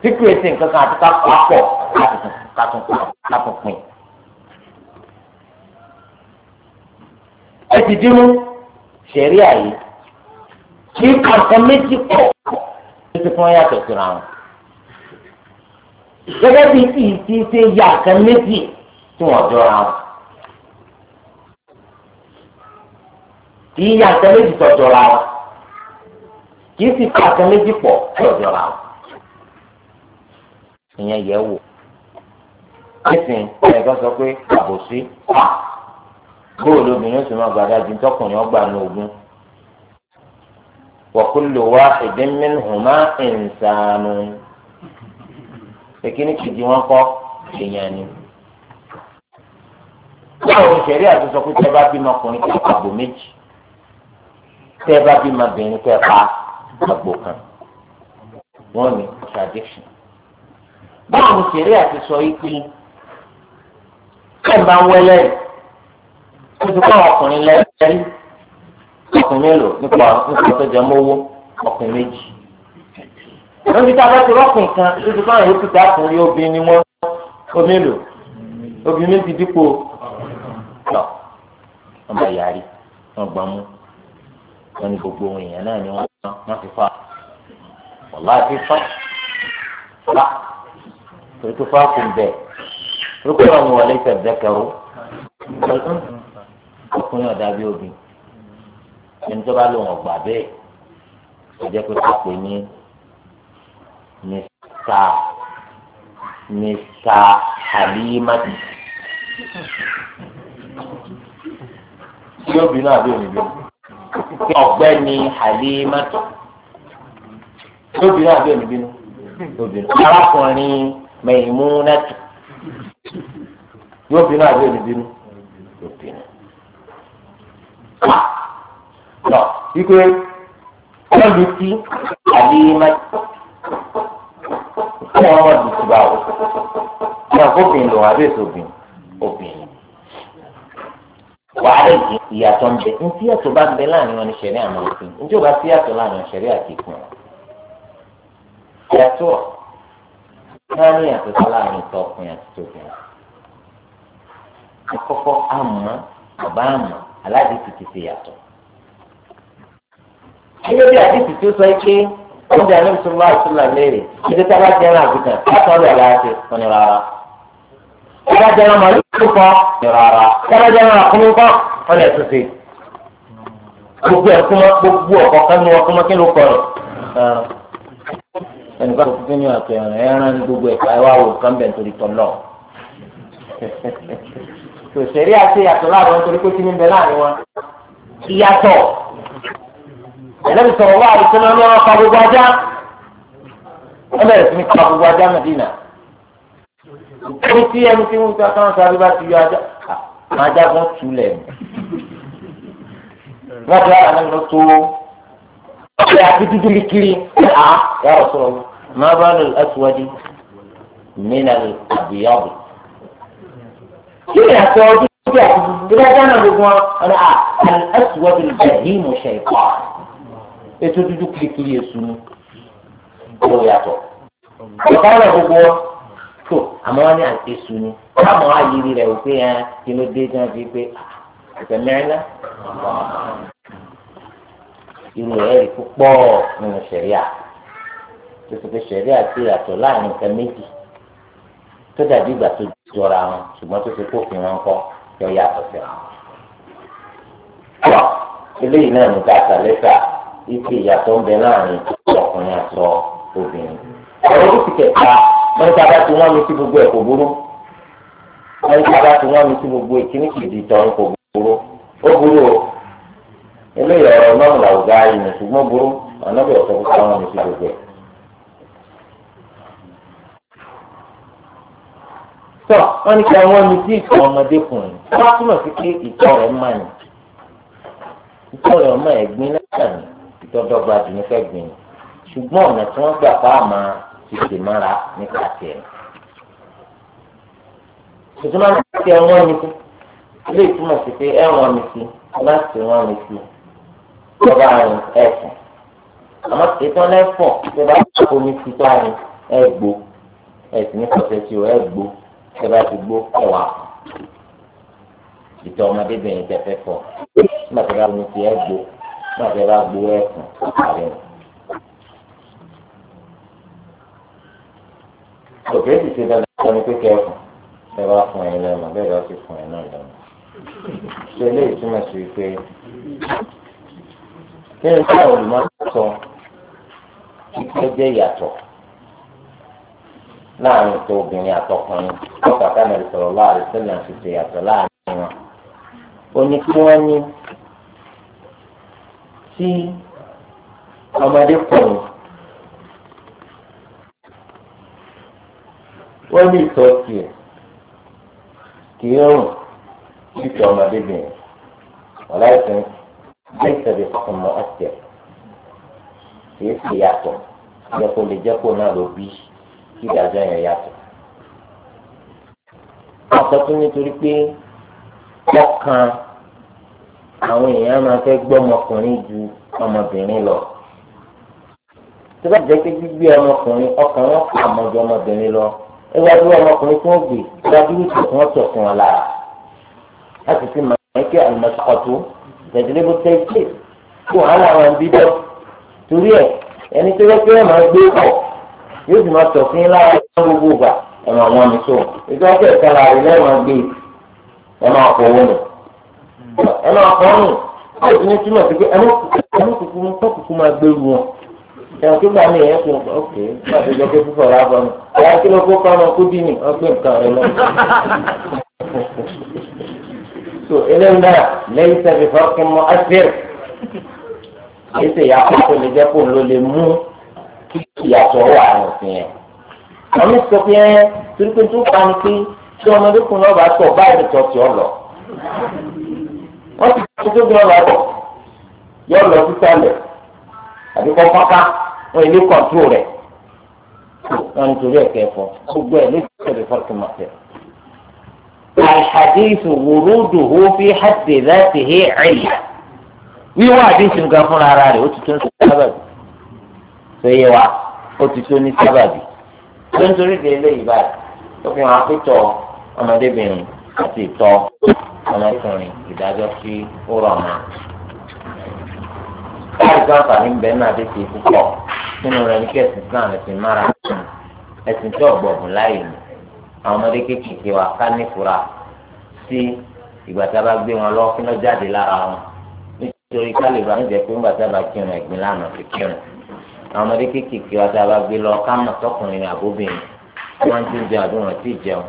fíkú èsì nǹkan kan àti kápọ̀ àpọ̀ kápọ̀pin. ẹ ti dínú ṣẹ̀rí àyè kí kankan méjì pọ̀ ló ti fún yàtọ̀ síra wọn. gẹ́gẹ́ bí ìfi ṣe yà kan méjì tí wọ́n jọra kì í yà nǹkan méjì tó jọra wọn kì í sì fa nǹkan méjì pọ̀ tó jọra wọn. ìyẹn yẹ wò nísìnyí ẹ̀ka sọ pé àbòsí pa bóòlù obìnrin sì máa gbàdá ju tọkùnrin ọgbà ní ogun wàkúlò wa ìdínmínhùnmá ìnsàánù èkíní kejì wọn kọ èèyàn ni báwo ni sẹ̀rí àtúnṣe pé tẹ́ bá bímọ ọkùnrin kẹ́ àgbò méjì tẹ́ bá bímọ obìnrin kẹ́ pa àgbò kan wọ́n ní tradition. báwo ni sẹ̀rí àtúnṣe ìpín kẹ́ẹ̀ bá ń wẹ́lẹ́ kó tó kọ́ ọkùnrin lẹ́yìn ọkùnrin lò nípa nípa tó jẹ mọ́wọ́ ọkùnrin méjì. lórí tá a bá ti kan tó ti kọ́ àwọn yòókù tá a obìnrin wọn omi lò obìnrin ti dípò tọ wọn bá yarí wọn gbà mú wọn ní gbogbo ohun èèyàn náà ni wọn wọn ti fa ọlá ti fa fa torí tó fa kù bẹ́ẹ̀ torí pé wọn wọlé ìfẹ̀dẹ́kẹ̀rọ ọkùnrin ọ̀dà bíi obì ẹni tó bá lò wọn gbà bẹ́ẹ̀ ó pé ká pè ní mista mista halimati yóò bínú àbí òyìnbó kí ọ̀gbẹ́ni Halimatu yóò bínú àbí òyìnbó yóò bínú arákùnrin Maimunatu yóò bínú àbí òyìnbó yóò bínú. lọ ikú ọlọ́dún tí Halimatu kí wọ́n wọ́n dùn sí kí wọ́n kó bìnrin lò wá bí èso bìnrin obìnrin wàhálà ìyàtọ̀ ń bẹ ní tí yàtọ̀ bá ń bẹ láàrin wọn ní sẹ̀rí àmọ́ òfin ní tí ò bá sí yàtọ̀ láàrin sẹ̀rí àti ìfún wọn. yàtọ̀ náà ní yàtọ̀ tó láàrin tó ọkùnrin àti tó obìnrin. àkọ́kọ́ àmọ́ bàbá àmọ́ aládìsí ti ṣe yàtọ̀. ayé bí àdìsí tó sọ pé oúnjẹ àlẹ́ ìṣòro àti ìṣòro àlẹ́ rẹ̀ ẹ̀jẹ̀ tá a bá jẹ́ kọ́lá jẹ́ ọmọ lóko kọ́ rárá kọ́lá jẹ́ ọmọ àkúnmí kọ́ ọ̀nà ẹ̀sùnfẹ̀ gbogbo ẹ̀kúnmọ́ gbogbo ọ̀kọ̀ kan ní ọkúnmọ́ kí ló kọ́ rẹ̀ ẹnìkan tó fún yín àti ẹ̀rìn ẹran ní gbogbo ẹ̀ka ẹ̀wá wò kán bẹ̀ nítorí tọ̀ náà tòṣèré àti ìyàtọ̀ láàrin wọn torí pé kí ni bẹ láàrin wọn ìyàtọ̀ ẹlẹ́bi sọ̀rọ̀ wá àdìsọ́nà ní ọ̀rọ̀ pa gbogbo ajá ẹ bẹ̀rẹ̀ sí ní pa gbogbo ajá Mẹ́dínà ẹni tí ẹni tí wọ́n gbà káwọn sáré bá ti yọ ajá máa jágun túlẹ̀ wọ́n ti ara nínú tó ọ̀rẹ́ àti dídírí kiri à yàrá sọ̀rọ̀ máa bá lọ ẹ̀sùwọ́dì mìíràn àbíyáwó. kí ni àti ọdún tó bí àti dídírí ajá náà ló gbọ́n ọ̀rẹ́ à ẹ̀sùwọ́dì bẹ̀rẹ̀ ìmọ̀ ṣe ìpa ètò dúdú kiri kiri èṣù ni ó yàtọ̀. ọ̀gá rẹ̀ gbogbo tó àmọ́ wọn ní àti èṣù ni káwọn ayiri rẹ̀ wípé ẹ kí ló dé tí wọ́n fi pé ah, ẹ̀sẹ̀ mẹ́rin náà irú rẹ̀ rí púpọ̀ nínú sẹ̀ríà tuntun sẹ̀ríà ti yàtọ̀ láàrin nǹkan méjì tó dàbí ìgbà tó jọra wọn ṣùgbọ́n tó ti kó fi wọn kọ́ yọ yàtọ̀ sí wọn. eléyìí náà nígbà àtàlẹ́sà ife ìyàtọ̀ ń bẹ láàrin ọkùnrin àti obìnrin. ọ̀rọ̀ ó ti kẹta wọn ta bá ti wọn mi sí gbogbo ẹ kò burú wọn ta bá ti wọn mi sí gbogbo ìkíní kìdí tán kò burú ó burú o eléyìí ọ̀rọ̀ náà làwùjọ ayé mi ṣùgbọ́n burú ọ̀nà bí ọ̀sẹ̀ fúnpa wọn mi sí gbogbo ẹ. tọ́ wọ́n ní kí àwọn mi sí ìtàn ọmọdékùnrin wọ́n túmọ̀ sí pé ìtàn rẹ̀ máa ní ìtàn rẹ̀ máa ẹ̀gbin náà ní ìtọ́dọ́gba dùn ní fẹ́ gbìn ṣùgbọ́n ọ̀nà tí wọ́n gbà pa máa títí mọ́ra nípa tiẹ̀. tuntun máa ń ti ẹ̀wọ̀n mi sí ilé ìtumọ̀ sí pé ẹ̀wọ̀n mi sí ọba sì wọ́n mi sí ọba àrùn ẹ̀sìn àmọ́ ìtàn lẹ́fọ̀ tí ọba àpò mi sí tó àrùn ẹ̀gbó ẹ̀sìn ní pọ̀sẹ̀ tí o ẹ̀gbó ẹ̀bá ti gbó ẹ̀wà ìtọ́ ọmọdébìnrin tẹ̀fẹ́ fọ̀ nígbà tí ọba mi sí ẹ̀gbó nígbà tí ọba gbó ẹ̀sìn àrùn. òkè sì ṣe dandan ní pé kẹ́ẹ̀kùn ẹ bá fún ẹ lẹ́nu bẹ́ẹ̀ bá sì fún ẹ náà lẹ́nu. ṣe eléyìí túmọ̀ sí pé kí ni táwọn olùmọ̀ sọ kíkẹ́ jẹ́ ìyàtọ̀ láàrin tó obìnrin àtọkùnrin lọ́kà tá mẹ́rin sọ̀rọ̀ láàrin sẹ́lẹ̀ ń ṣiṣẹ́ ìyàtọ̀ láàrin wọn. ó ní kí wọ́n ní tí ọmọdékùnrin. wọ́n ní ìtọ́ tiẹ̀ kì í rùn bí ti ọmọdébìnrin ọ̀láìsàn bí ìtẹ̀lé ọmọ ọ̀tẹ̀ kì í sì yàtọ̀ yẹ kó lè jẹ́ kó náà ló bí kí ìdájọ́ yẹn yàtọ̀. wọ́n sọ fún nítorí pé ọkàn àwọn èèyàn máa fẹ́ gbọ́ ọmọkùnrin ju ọmọbìnrin lọ tó bá jẹ́ pé gbígbé ọmọkùnrin ọkàn wọn kà mọ́jọ ọmọbìnrin lọ ẹ wá bí ọmọkùnrin tí wọ́n gbé wá bí wíṣọ tí wọ́n tọ̀ fún wọn lára láti fi máa ń kí àlùmọ̀tòkọ̀tò ìtẹ̀sílẹ́bù tẹ̀sí kó wàhálà wọn bí bọ́ torí ẹ̀ ẹni tó yẹ kí wọ́n máa gbé pọ̀ yóò sì máa tọ̀ fún yín lára gbogbo ìgbà ẹ̀mọ̀ àwọn mi tó ìjọba ẹ̀ka láàrin lẹ́ẹ̀ máa gbé ẹ̀ máa pọ̀ wọn nù ẹ̀ máa pọ̀ wọn nù ó sì ní túmọ̀ sí pé ẹ̀mọ́ kúkú máa gbé wọn ẹ̀rọ kí bá mi yẹn kún ọ̀kẹ́ láti jọ pé púpọ̀ lábọ̀ mi ẹ̀rọ kí ló kó kọ́ ọmọ bí mi ọgbẹ́ nǹkan rẹ lọ. so eléyìí náà lẹ́yìn sẹ́fì fọ́ọ̀kìn mọ́ ásírì èyí sì yà pọ̀ tó lè jẹ́ kó ló lè mú kí ìyàtọ̀ wà nìsín yẹn. àwọn mi sọ pé ẹ torí pé tó pa ni pé tí ọmọdékùnrin ọba tọ̀ báyìí tọ̀ tí ọ lọ. wọ́n ti tó gbé ọba tọ̀ yọ lọ sí àbí kọ́kọ́ ká wọ́n ilé kọ̀ọ̀tù rẹ̀ wọ́n nítorí ẹ̀kẹ́ fọ́ gbogbo ẹ̀ ló ti tẹ̀lé fọ́ọ̀kì mọ̀tẹ́. الحديث وروده في حد ذاته علة wíwá àdéhùn nǹkan fúnra ara rẹ̀ ó ti tó ní sábàbí tó yẹ wa ó ti tó ní sábàbí tó ń torí de eléyìí báyìí ó fi hàn àpétọ ọmọdébìnrin àti ìtọ̀ ọmọkùnrin ìdájọ́ sí ó rọ̀ mọ́ láìsí àǹfààní bẹ́ẹ̀ náà tètè púpọ̀ nínú rẹ̀ ní kẹ́sì islam ẹ̀sìn mara ẹ̀sìn tí ọ̀gbọ̀gùn láàyè ni àwọn ọmọdé kékeré wa ká nífura sí ìgbà tá a bá gbé wọn lọ kí wọ́n jáde lára wọn nítorí kálíbà ń jẹ́ pé ńgbà tá a bá kírun ẹ̀gbin lánàá fi kírun àwọn ọmọdé kékeré wa tá a bá gbé lọ ká mọ̀ sọ́kùnrin àbóbìnrin wọ́n ti ń jẹun àbí wọ́n ti jẹun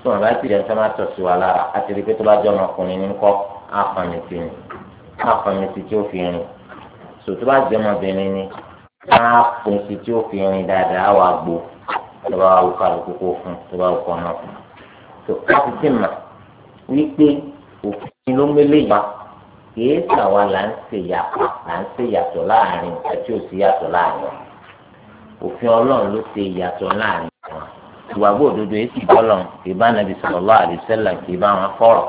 tí wọ́n bá ti jẹun tí wọ́n bá tọ̀ sí wa lára àti rí pé tó bá jọ ọmọkùnrin ní kọ́ àfàmìtì ni àfàmìtì tí tòtò bá jẹ́ ọmọbìnrin ni wọ́n á pín sí tí ó fi rin dáadáa á wàá gbó tó bá wà wúkà lóko kó fún tó bá wúkọ náà fún tó láti sì mà wípé òfin ló mélé yá kìí sàwa là ń ṣe yàtọ̀ là ń ṣe yàtọ̀ láàrin àti òsì yàtọ̀ láàrin òfin ọlọ́run ló ṣe yàtọ̀ láàrin wọn ìwàgbọ́ òdodo yìí sì bọ́ lọ́n kì í bá nàbì sallallahu alaihi wasallam kì í bá wọn fọ̀rọ̀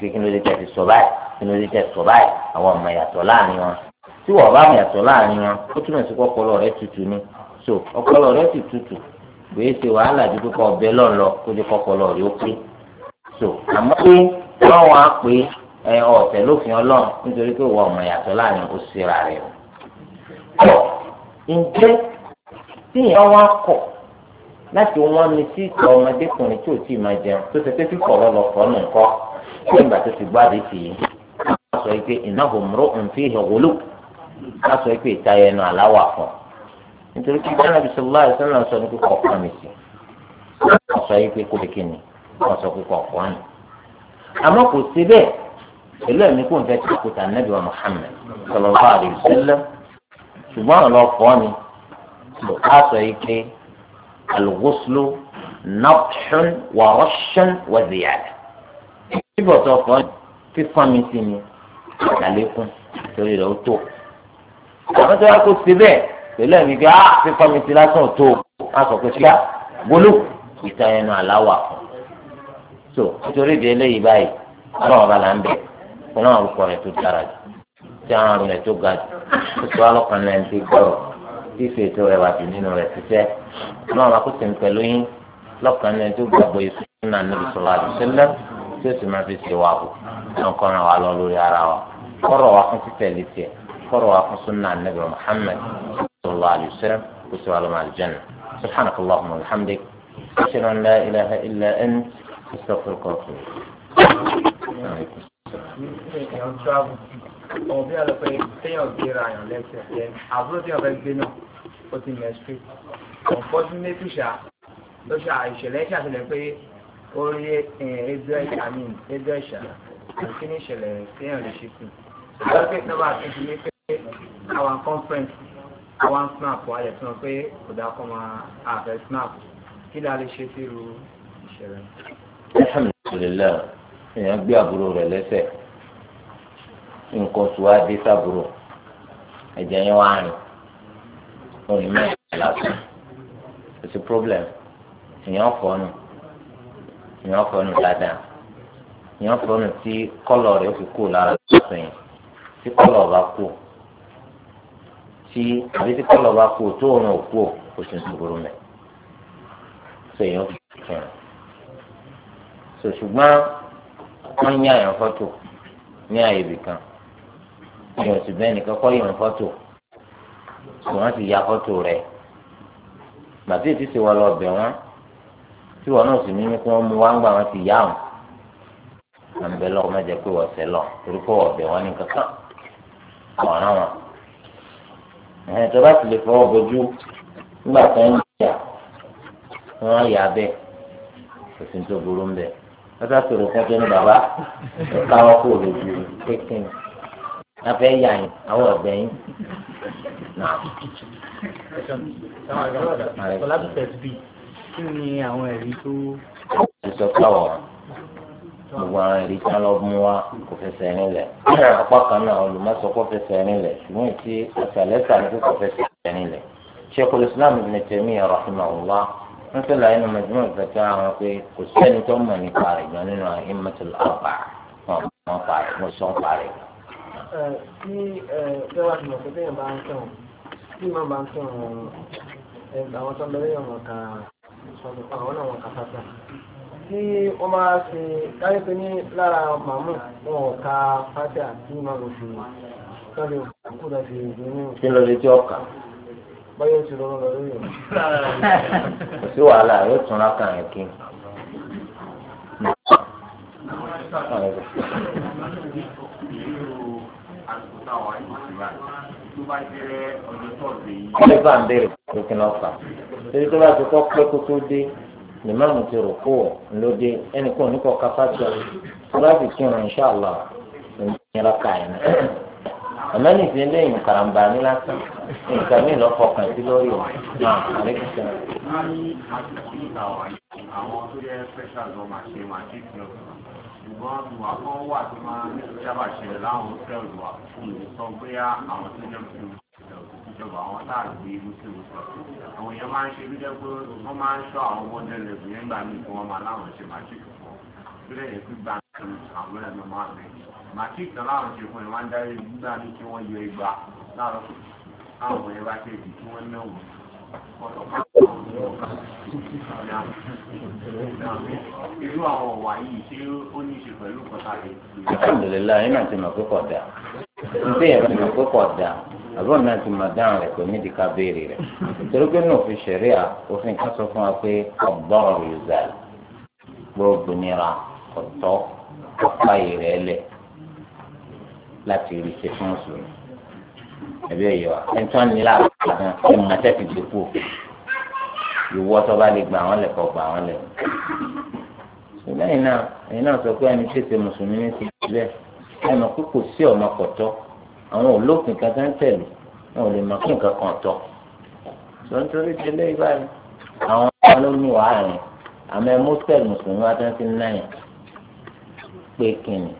kí ló dé tẹ̀ fi sọ báyìí kí ló dé tẹ̀ sọ báyìí àwọn ọmọ yàtọ̀ láàrin wọn tí wọ́n bá yàtọ̀ láàrin wọn ó túmọ̀ sí ọpọlọ rẹ tutù ni so ọpọlọ rẹ ti tutù kìí ṣe wàhálà ju pípa ọbẹ̀ lọ lọ kó kọpọlọ rẹ so àmọ́ pé wọ́n wá pé ẹ ọ̀tẹ̀ lófin ọlọ́run nítorí pé wọ́n ọmọ yàtọ̀ láàrin síra rẹ o. ọ̀ ǹjẹ́ tí kọ̀ láti wọ́n sí ọmọdékùnrin tí ò tí ì máa jẹun tó ṣe pé fífọ̀ nù kí ìgbà tó ti gbádùn á sọ pé ìtayẹnu aláwà fún un nítorí pé bọ́lá bí sọlá ẹ̀sán náà sọ ní kíkọ́ ọ̀kan mi sí wọ́n sọ yìí pé kó lè kíni wọ́n sọ kíkọ́ ọ̀kan mi àmọ́ kò sí bẹ́ẹ̀ pẹ̀lú ẹ̀mí kò ń fẹ́ tí kò nẹ́bí wa Muhammad sallallahu alaihi wasallam ṣùgbọ́n àwọn ọlọ́kọ́ ni á sọ yìí pé alùwọ́sùlù nọ́ọ̀ṣùn wàrọ́ṣùn wàzíyàdà bíbọ̀ tó ọkọ fífọ́n mi sí ni àlékún torí rẹ̀ ó tó àwọn tó wá kó sí bẹ́ẹ̀ pẹ̀lú ẹ̀mí pé ah fífọ́ mi ti lásán tó a sọ pé ṣíà gbólú ìtàn ẹnu àláwà fún so nítorí ìdí eléyìí báyìí ọlọ́run ọba là ń bẹ̀ fún àwọn orúkọ rẹ̀ tó dára jù tí àwọn àrùn rẹ̀ tó ga jù tó sọ alọ́kan náà ń ti gbọ́rọ̀ tí ìfètò rẹ̀ wà jù nínú rẹ̀ ṣiṣẹ́ ọlọ́run akó sì ń pẹ̀lú yín lọ́kàn náà tó gbàgbọ́ yìí fún nàánú فروا سنة النبي محمد صلى الله عليه وسلم وسوى مع الجنة سبحانك اللهم وبحمدك أشهد أن لا إله إلا أنت أستغفرك وأتوب òbí ọlọpẹ téèyàn gbéra yàn lẹsẹ yẹn àbúrò téèyàn fẹẹ gbé náà ó ti mẹ sí unfortunately ṣá ló ṣá ìṣẹ̀lẹ̀ ṣàṣẹlẹ̀ pé ó rí ezra amin ezra ṣá àti kí ni ìṣẹ̀lẹ̀ téèyàn lè ṣe sí i. our conference our snap wà lẹ̀ fún ọ pé kò dá kọ́ máa àfẹ́ snap kí la lè ṣe sí irú ìṣẹ̀lẹ̀. alhamdulillah èèyàn gbé àbúrò rẹ̀ lẹ́sẹ̀ nǹkan tó wá dé sábúrò ẹ̀jẹ̀ yẹn wá rìn òní mẹ́rin lásán kò sí problem èèyàn fọ́nù èèyàn fọ́nù dáadáa èèyàn fọ́nù tí kọ́lọ̀ rẹ̀ fi kú lára lásán yẹn tí kọ́lọ̀ bá kú tí àbí tí kọ́lọ̀ bá kú tó òun ò kú kò sí ìṣòro mẹ́ so èèyàn fi kẹrin so ṣùgbọ́n wọ́n ń yàyàn fọ́tò ní àyè ibì kan èèyàn sì bẹ́ẹ̀ nìkan kọ́ yàn fọ́tò so wọ́n ti ya fọ́tò rẹ̀ gbàtí ètí ti wọ lọ bẹ̀ wọ́n tí wọn náà sì ní ní kí wọ́n mú wá ń gbà wọ́n ti yá wọn àmì bẹ́ẹ̀ lọ́kọ́ mẹ́jẹ pé wọ́n sẹ́ lọ torí kó wọ́n bẹ̀ ní kankan ọ̀ràn wọn ẹ̀ tó bá sì lè fọwọ́ bojú nígbà tó ń yà wọ́n yà bẹ́ẹ̀ kò sí tó burú ń bẹ̀ lọ́sà sọ̀rọ̀ kan tó ní bàbá ẹ̀ káwọ́ kó o lè ju kékin afẹ́ yà yín àwọn ọ̀bẹ yín nà. ọlá tó tẹ̀sí kí ni àwọn ẹ̀rí tó. ìsọ̀kọ̀ àwọn gbogbo àwọn ẹ̀rí tí wọ́n lọ mú wa kò fẹsẹ̀ rìn lẹ̀ apá kan náà olùmọ̀sọ kò fẹsẹ̀ rìn lẹ̀ ṣùgbọ́n tí ọ̀sàlẹ́sà ní kò fẹsẹ̀ rìn lẹ̀ Sheikhul Islam Ibn Taymiyyah rahimahullah ń sọ̀rọ̀ ẹnu mẹ̀jọ́ ìfẹ̀tẹ̀ àwọn pé kò sẹ́ni tó mọ̀ nípa rẹ̀ gan nínú Immatul Arba wọn wọn sọ̀ parẹ̀. tí bẹ́ẹ̀ wá ti mọ̀ pé tí wọ́n máa ṣe káyé pé ní lára màmú wọn ò ka pátá tí máa lò sí sọ́dọ̀ òkú lọ sí ìdúró. kí ló lè tí ọkà. báyọ̀ ti lọ́rọ́ lọ lórí ọ̀rọ̀. kò sí wàhálà yóò tún ra kàn kí. Ọlọ́pàá ń bèrè pé kí ló fà. Torí tó bá ti kọ́ pé kó tó dé limamu ti rò kó lóde ẹnì kan oníkọ káfáṣọ fúláàsì kírun inṣàlá ìnira káyìn àmọ́ ní ìsìn lẹ́yìn nkaramba ní lásán nǹkan mi lọ́ fọkàn sí lórí o náà àwọn wà tó máa ń sábà ṣẹlẹ̀ láwọn sẹ́ẹ̀lù wa fún mi sọ bóyá àwọn tó yẹ fún mi ìjọba àwọn táàgbé muslim sọ àwọn èèyàn máa ń ṣe bí dẹ́gbẹ́ wọ́n máa ń ṣọ́ àwọn ọmọdé rẹ̀ bí nígbà míì tí wọ́n máa láwọn ṣe màtíkì fún bí lẹ́yìn pé gbà àwọn ẹ̀mí máa rẹ̀ màtíkì náà láwọn ṣe fún ìwọ́n dárí nígbà míì tí wọ́n yọ igba láàárọ̀ àwọn ẹ̀rọ akéèdì tí wọ́n náwó irú àwọn ọ̀wà yìí ṣé ó ní ṣe pẹ̀lú kọ́tà rẹ̀. alhamdulilayi náà ti mọ̀ pé kọ̀ dà ní àbọ̀n náà ti máa dáhùn rẹ̀ pé nídìí ká béèrè rẹ̀ torí pé náà fi ṣẹ̀rí à òfin kan sọ fún wa pé ọ̀gbọ́n yorùbá gbogbo nira ọ̀tọ́ ọ̀pá ìrẹ́ lẹ̀ láti rí ṣe fún mùsùlùmí ẹbí ẹ̀yọ́ ẹni tó ń nílà àgbàdàn ẹni máa tẹ̀sí dípò ìwọ tó bá lè gbà wọ́n lẹ̀ kọ́ gbà wọ́n lẹ̀ ṣùgbọ́n ẹ̀yin náà ẹ̀yin náà sọ pé ẹni tó ṣe àwọn olókùn kàtà ń tẹ̀lé wọn ò lè mọ kí nǹkan kan tọ́ sọ nítorí délé báyìí àwọn ọmọ ló ní wàá rìn àmọ́ ẹ mọ́tẹ́l mùsùlùmí wa tán ti ń náyà pé kìnnì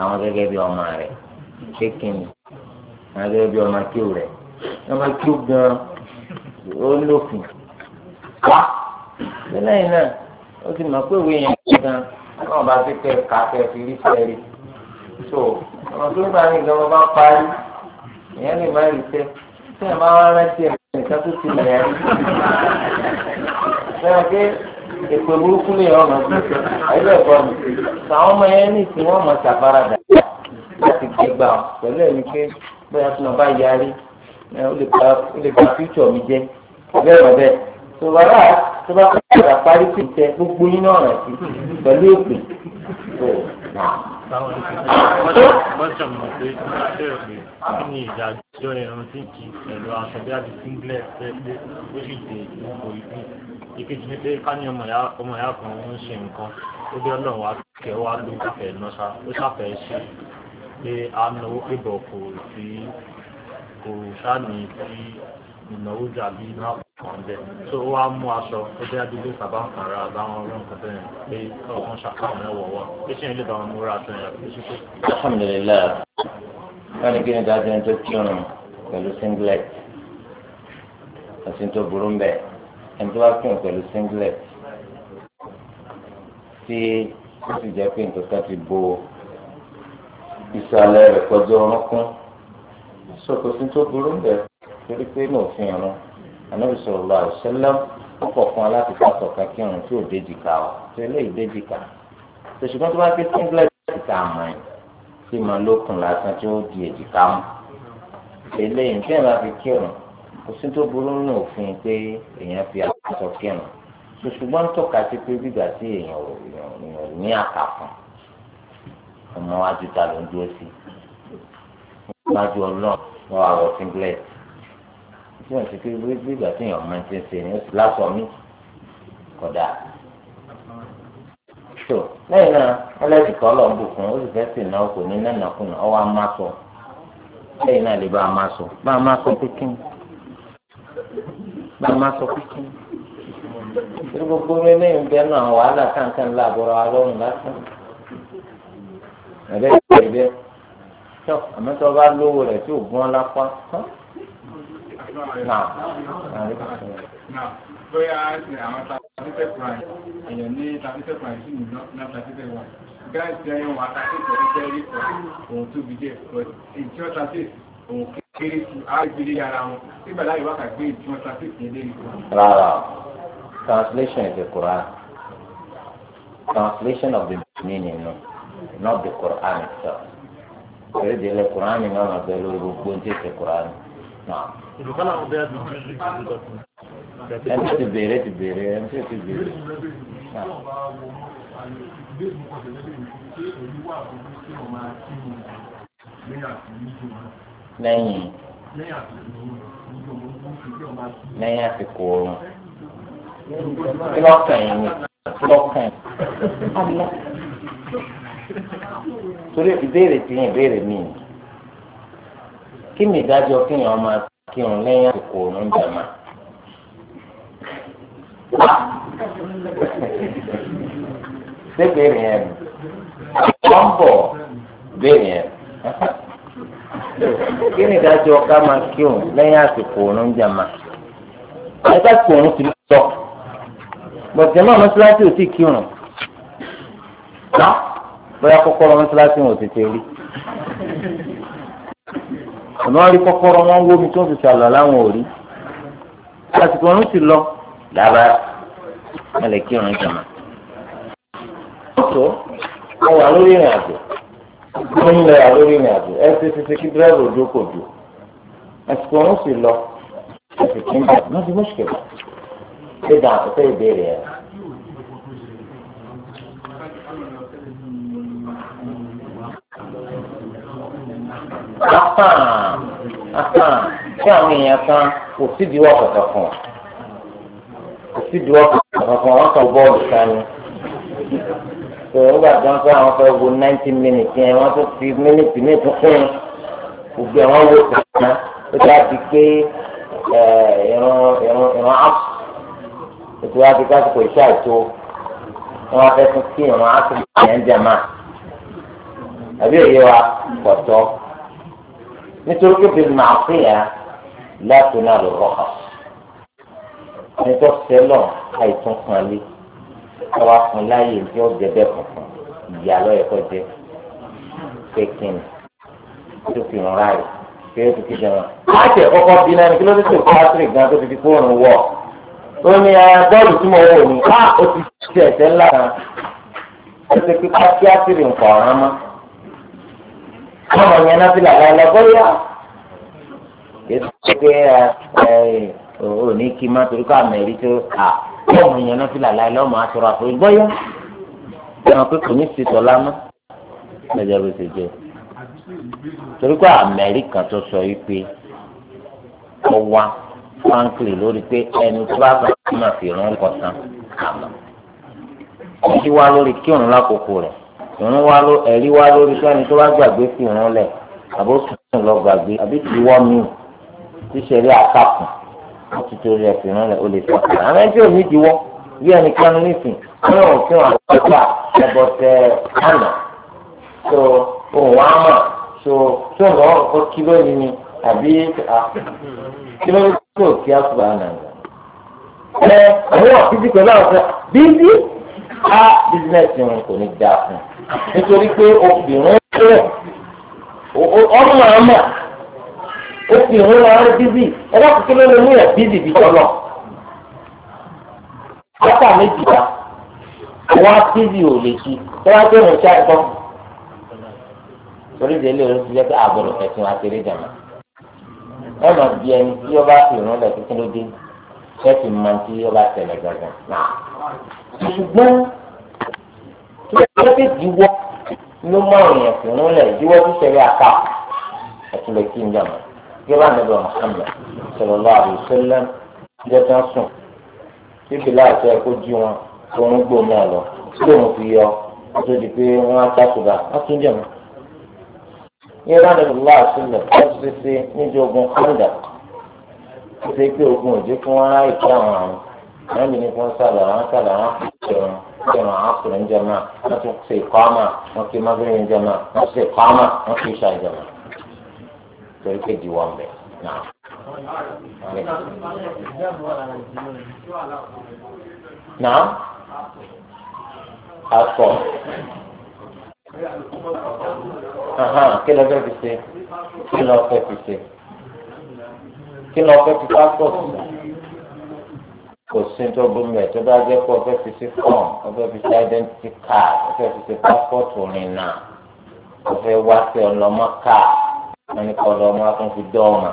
àwọn gẹ́gẹ́ bí ọmọ rẹ̀ pé kìnnì àwọn gẹ́gẹ́ bí ọmọ kíw rẹ̀ ọmọ kíw gan ó lófin wá lẹ́yìn náà ó ti mọ̀ pé òwe yẹn gan náà bá ti kẹ́ ká kẹ́ fi rí fẹ́ rí so ọ̀nà tó gbà ní ìjọba bá parí èèyàn lè má rí tẹ́ tí ẹ̀ máa wá rántí ẹ̀ nìkan tó ti lẹ̀ rí sẹ́wọ́n pé èpè burúkú lè yọ ọ̀nà tó tẹ̀ àyẹ̀wò ẹ̀kọ́ mi sàwọn ọmọ yẹn ní ìsìn wọn mọ̀ sàfaradà láti gbégbá pẹ̀lú ẹ̀rí pé bóyá tí wọn bá yarí ó lè gba fíútsọ̀ mi jẹ́ bẹ́ẹ̀ bá bẹ́ẹ̀ tó bá rà tó bá kọ́ ọ̀rọ̀ àparí sí ìtẹ gbogbo yín náà rẹ̀ sí pẹ̀lú èpè tó náà. Mọ́sàn mọ̀ pé ṣẹ́rọ̀ pé kí ni ìdájọ́ ẹran tí kì í pẹ̀lú aṣọ bí àti singlet fẹ́ pé ó sì dé ìlú ìlú. Ìkejì ni pé ká ní ọmọ ìyá kan ń ṣe nǹkan ó bí ọlọ́run wá kẹ́ wá ló fẹ́ nọ́ṣá ó ṣàfẹ́ ṣe pé a náwó pébọ̀ kò sí kò sáà ní ìnáwó tàbí náà ọ̀dẹ̀ tó wá mú aṣọ ó jẹ́ abílé bàbá ń kàrà àbáwọn ọ̀rọ̀ nǹkan bẹ́ẹ̀ pé ọ̀kan ṣàkóhùn ẹ̀ wọ̀wọ́ pé ṣé ilé bàbá mú ra aṣọ yẹn àbí ṣíṣe. alhamdulilayi wọn ní kí ni dájú ẹni tó kírun pẹ̀lú singlet àti tó burú mbẹ ẹni tó bá kírun pẹ̀lú singlet tí ó sì jẹ́ pé nǹkan ti bo ìsàlẹ̀ rẹ̀ kọjá ọrùn kún ṣòkòtì tó burú mbẹ torí pé mo fi hàn án anabi sallallahu alaihi wasallam ó kọ̀ fún aláti pàtó kan kí irun tí ò déjìká o tí eléyìí déjìká tòṣùgbọ́n tó bá gbé singlet ìta àmọ́ ẹ̀ tí màá lókun lásán tí ó di èjìká mọ́ eléyìí tí ẹ̀ máa fi kírun kò sí tó burú nínú òfin pé èèyàn fi aṣọ kírun ṣùgbọ́n ń tọ́ka sí pé gbígbà tí èèyàn ò ní àkàfún ọmọ wájú ta ló ń dúró sí wájú ọlọ́run wọn wà wọ singlet tí wọ́n ti pé bí ìgbà tí èèyàn máa ń ṣe ṣe ni ó ti lásọ mí kódà. tó lẹ́yìn náà ọlẹ́sì kan lọ bù fún ó sì fẹ́ sì náà kò ní nánà kùnà ọwọ́ a máa sọ lẹ́yìn náà lè bá a máa sọ bá a máa sọ pínpín bá a máa sọ pínpín ní gbogbo eléyìí bẹ́ẹ̀ náà wàhálà kankan láàbọ̀rọ̀ alọ́run lásán ẹ̀rẹ́ ìgbẹ́ bẹ́ẹ̀ tó àmọ́tọ́ bá lówó rẹ̀ tí ò gbọ́n lápá náà. bóyá àwọn tàbíṣẹ́ prime èèyàn ní tàbíṣẹ́ prime sí ìlú náà tàbíṣẹ́ wa gáàsì ẹyàn wà tàbíṣẹ́ tàbíṣẹ́ rí pọ̀ òun tó bìjẹ́ pọ̀ èyí tí wọ́n tàbíṣẹ́ òun kéré sí àgbèrè ara wọn nígbà láyé translation is the Quran translation of the meaning no not the Quran itself. Ìrèdè ilẹ̀ Quran náà lọ bẹ lórí gbogbo ní Quran náà ìdùkọ́lá àwọn bẹ́ẹ̀ bí jù ẹ̀ tó ti bèrè ti bèrè ẹ̀ tó ti bèrè. lẹ́yìn lẹ́yìn àsìkò oorun kí lọ́kàn yìí ni kí lọ́kàn yìí. torí ìbéèrè ti yín ìbéèrè mi kí ni ìdájọ́ kéèyàn máa kírun lẹ́yìn àsìkò òun jàmá. sébèrè yẹn wọ́n ń bọ̀ yẹn kí ni ìdájọ́ máa àsìkò òun ti bọ̀dé náà mọ́sálásí ò bóyá lọ mọ́sálásí wọn ò tètè rí. àmọ́ wọn rí kọ́kọ́rọ́ wọn wó mi tí wọ́n fi sàlọ̀ láwọn ò àsìkò ọ̀run ti lọ dábàá wọn lè jàmá. wọ́n tó wọ́n wà lórí ìrìn àjò wọ́n ń lọ lórí ìrìn àjò ẹ ṣe ṣe ṣe kí dírẹ́bù ojú kò dù àsìkò ọ̀run ti lọ àsìkò ń bọ̀ wọ́n ti mọ̀ṣẹ̀kẹ̀ ṣé dáhùn ṣe ìbéèrè ẹ̀ apán apán kí àwọn èèyàn kan kò sídìí wà kọ̀ọ̀kan fún wọn kò sídìí wà kọ̀ọ̀kan fún wọn wọn kàn bọ́ọ̀lù kan ni sọ̀rọ̀ gbà tó ń sọ àwọn fẹ́ wo ninety minutes yẹn wọ́n tún fi minute ní ìtúnkún gbogbo àwọn wo kàná ó ti wá di pé ìran ìran ìran app ó ti wá di kásìkò iṣẹ́ àìtó wọ́n wá fẹ́ tún kí ìran app yẹn jẹ̀ máa àbí òye wa pọ̀ nítorí pé bíi màáfíà láti náà lọ rọ̀ nítorí sẹ́lọ̀ àìtún kan lé káwá fún láàyè tí ó jẹ bẹ́ẹ̀ kankan ìyá lọ́yẹ̀ kọ́ jẹ pékin tó fi hàn ráàyè pé ó ti fi jẹun. láti ẹ̀kọ́ kọ́ bí náà ní kí ló dé tó patrick gan tó ti fi fóònù wọ̀ ó ní ah, bọ́ọ̀lù tí mo wò ní ah, ó ti ṣe ẹ̀ṣẹ̀ ńlá kan ó ti fi pátí átìrì nǹkan ọ̀ràn mọ́ ọmọ yẹn náà fi làlá lọ bóyá ètò pé ò ní kí má torí ká mẹ́rí tó à ọmọ yẹn náà fi làlá lọ ọmọ aṣọra àfọwọ́ bóyá ẹ̀rọ pé kò ní ti sọ̀lá mọ́ lọ́jọ́ bó ṣe jẹ́ torí pé àmẹ́rí kan tó sọ yìí pé ọwa frankly lórí pé ẹni tó bá bá máa fi rán ọkọ̀ tán àmọ́ kí wá lórí kí òun lákòókò rẹ̀ ìrún wa ló ẹ̀rí wa lórí sẹ́ni tó bá gbàgbé fi ìrún lẹ̀ àbó sùn lọ gbàgbé àbí ti wọ́ mi tíṣẹ̀rí àkàkùn wọ́n ti torí ẹ̀ fi ìrún lẹ̀ ó lè sọ. àwọn ẹni tí ò ní ti wọ́ bí ẹni kan nísìn wọ́n yóò fún àwọn ọ̀gá ẹ̀bọ̀ tẹ àná tó òun wá mọ̀ tó tó lọ́ ọ kí lónìí ni àbí kí lónìí tó kí á sùn àná ẹ àwọn ọ̀sibítọ̀ náà sọ bíbí á bísínẹ́sì wọn kò ní nítorí pé obìnrin rẹ̀ ọmọ àmà obìnrin rẹ̀ rẹ̀ bíbí ẹ̀rọ kékeré ló ní ẹ̀ bíbí bí tọ́lọ̀ ọ̀tà méjì ya wọ́n á ya ò lè kí wọ́n á gbé wọn ṣá torí délé o ti jẹ́ pé àbọ̀rọ̀ ẹ̀sìn wa kéré jàmá ẹ̀ máa ẹni tí ọba ìrún lẹ̀ kékeré dé ṣẹ́ẹ̀tì máa ń tí náà ṣùgbọ́n. tí wọ́n fi diwọ́ ló mọ ìyẹn sí ń lẹ̀ diwọ́ tó ṣẹlẹ̀ apá àtúlẹ̀ kí n jàmọ́ gẹ́gẹ́ bí Muhammad sallallahu alaihi wasallam jẹ́ tán sùn bíbí láti ẹ̀kọ́ jí wọn tó ń gbó náà lọ tó ń fi yọ wọ́n tó di pé wọ́n á sàkóbá wọ́n tún jẹ̀mọ́. yẹ́rọ ní ìlú àtúlẹ̀ wọ́n ti ṣe níjọ ogun kọ́ńdà ó ṣe pé ogun òjò fún wọn láì kí àwọn àrùn kẹrin àákùrẹ ń jẹma wọn tún ṣe ìkọ́mà wọn kí magrebi ń jẹma wọn ṣe ìkọ́mà wọn kí ìṣá ń jẹma torí pé di wọn bẹ náà. náà akọ kí lọ fẹ́ fi ṣe kí lọ fẹ́ fi ṣe kí lọ fẹ́ fi pásítọ̀ kò sí tó bómi ẹ̀ tó bá jẹ́ pé ọfẹ́ fi sí fọ́ọ̀m ọfẹ́ fi sí identity card ọfẹ́ fi sí passport rìn náà ọfẹ́ wá sí ọlọ́mọ káà wọ́n ní kọ́ ọlọ́mọ akún fi dọ́ọ̀mà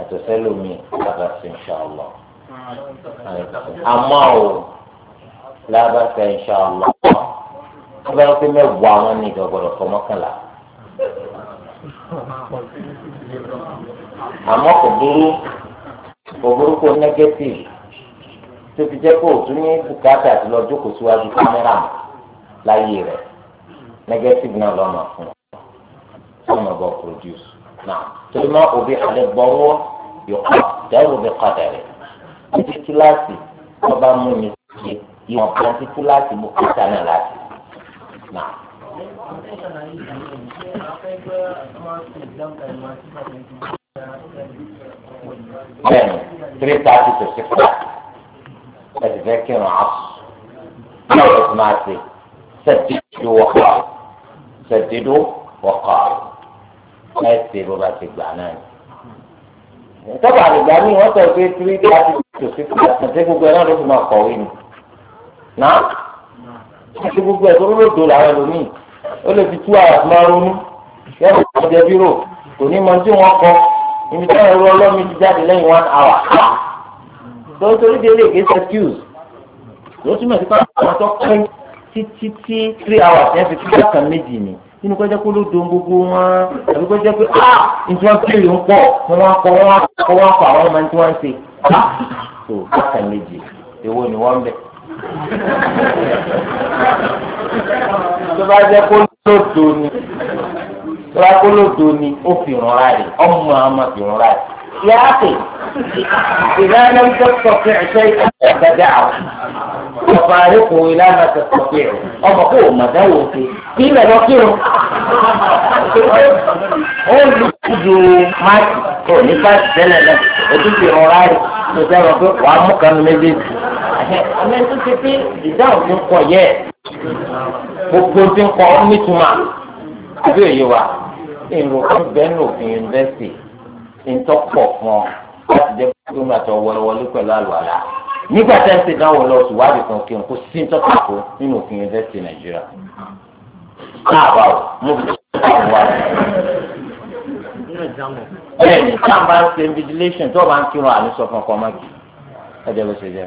àtọ̀sẹ́lómi bàbá sí inṣàlọ́ àmọ́ ò lábà sí inṣàlọ́ wọ́n bá yọ pé mẹ́wàá wọn ní ìdọ̀gbọ̀dọ̀ fọ́ mọ́kànlá àmọ́ kò burú kò burú kò nẹ́gẹ́tìfì tó fi jẹ́ kó o tún ní bùkátà ti lọ jókòó síwájú kámẹ́rà mọ́ láyé rẹ̀ negative náà lọ́mọ fún ọ sọ́mọ bọ̀ produce náà torí má òbí alẹ́ gbọ́wọ́ yọkọ dẹ́rù bí padà rẹ̀ títí kíláàsì tó bá mú mi ṣe ìwọ̀n kan tí kíláàsì bùkátà náà láti náà. Bẹ́ẹ̀ni, three thirty to six thirty ẹ̀sìn fẹ́ kírun àṣù náà ló ti máa ṣe sẹ́dídó wọ́kọ̀ sẹ́dídó wọ́kọ̀ ẹ̀sìn bó bá ti gbà náà ni. sábà àgbà mi wọ́n sọ pé tírí tí a ti tò sí fún ẹ̀sìn tí gbogbo ẹ̀ náà ló fi máa kọ̀wé ni. náà ti gbogbo ẹ̀ tó lódò làwọn ẹlòmíì ó lè fi tú àwọn máa ronú yẹ́n kò jẹ́ bírò kò ní mọ tí wọ́n kọ ibi táwọn ẹ̀rọ ọlọ́mi ti jáde lẹ́yìn one hour lọ́wọ́ torí délé èké sẹ́kíùs ló túmọ̀ sí pàtó àwọn tó pẹ́ títí tí three hours yẹn fi kí bákan méjì ni nínú kọjá pé ló don gbogbo wọn àbí kọjá pé ah nǹkan kiri ń pọ̀ wọn kọ wọn kọ wọn kọ àwọn ọmọ tí wọn ń ṣe ah! so bákan méjì èwo ni wọ́n bẹ̀. tó bá jẹ́ kó lódo ni tó bá kó lódo ni ó fi ràn ra rẹ̀ ọmọ àmọ́ fi ràn ra rẹ̀. يا أخي إذا لم تستطع شيئا فدعه وفارقه إلى ما تستطيع أما هو ما دوتي كيف نوكيه قول ju máàkì tó nípa tẹ́lẹ̀ náà ètò ti rọra rẹ̀ tó sẹ́ wọ́n pé wàá mú kan méjèèjì. àmọ́ ètò ti pé ìdáhùn ti ń kọ yẹ gbogbo ti ń kọ ọ́ nítumọ̀ àbí òye wa èrò kan bẹ́ẹ̀ ní òfin yunifásitì ntọ́pọ̀ fún ọ láti jẹ́ pé má tọ́ wọlé pẹ̀lú àlùwàlà nígbà tẹ́ ń ṣe dánwò lọ sí wádìí kan kí n kó sí ntọ́pọ̀ kó nínú òfin yunifásitì nàìjíríà káàbà o mo fi káàbà wá bẹ́ẹ̀ni tá a bá ń ṣe invigilation tó o bá ń kírun àní sọ fún ọkọ ọmọ kì ẹ jẹ́ bó ṣe jẹ́.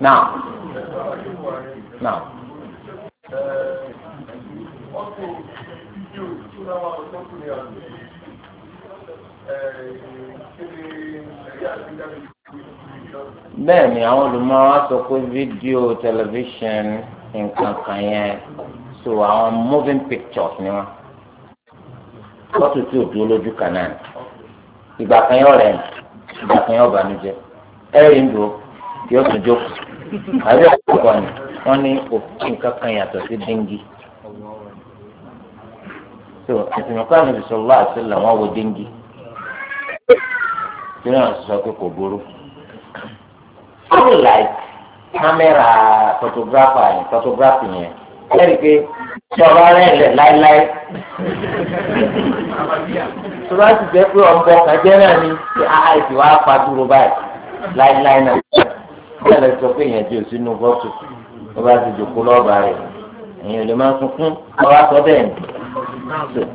Now, now ọkọ̀ fídíò tó náwà ọ̀tọ́kùnrin àgbẹ̀ bẹ́ẹ̀ ni àwọn olùmọ̀ wa sọ pé fídíò tẹlifíṣàn nǹkan kan yẹn so àwọn moving pictures ni wọn wọ́n tún tí ò dúró lójú kan náà ìgbà kan yóò rẹ̀ ìgbà kan yóò bànújẹ́ ẹ̀rín dùn yóò tún jókòó àbí ọ̀pọ̀ ni wọ́n ní òfin kankan yàtọ̀ sí dengue so ìsìnkú àwọn ìṣòro àti làwọn wo dengue tí wọ́n sọ pé kò burú kúrò láì kámẹ́rà photographer yẹn photography yẹn ẹ̀rí pé sọ̀rọ̀ rẹ̀ lẹ̀ láíláí sọ̀rọ̀ àti jẹ́ pé ọ̀bọ kàjẹ́ náà ni ṣé àìsí ah, ah, wàá fa dúró báyìí láíláí náà bẹ́ẹ̀ lẹ sọ pé yẹn di òsínú bọ́ọ̀tù wọ́n bá ti jòkó lọ́ọ̀bà rẹ̀ ẹ̀yin ò lè máa sunkún ọba sọ bẹ́ẹ̀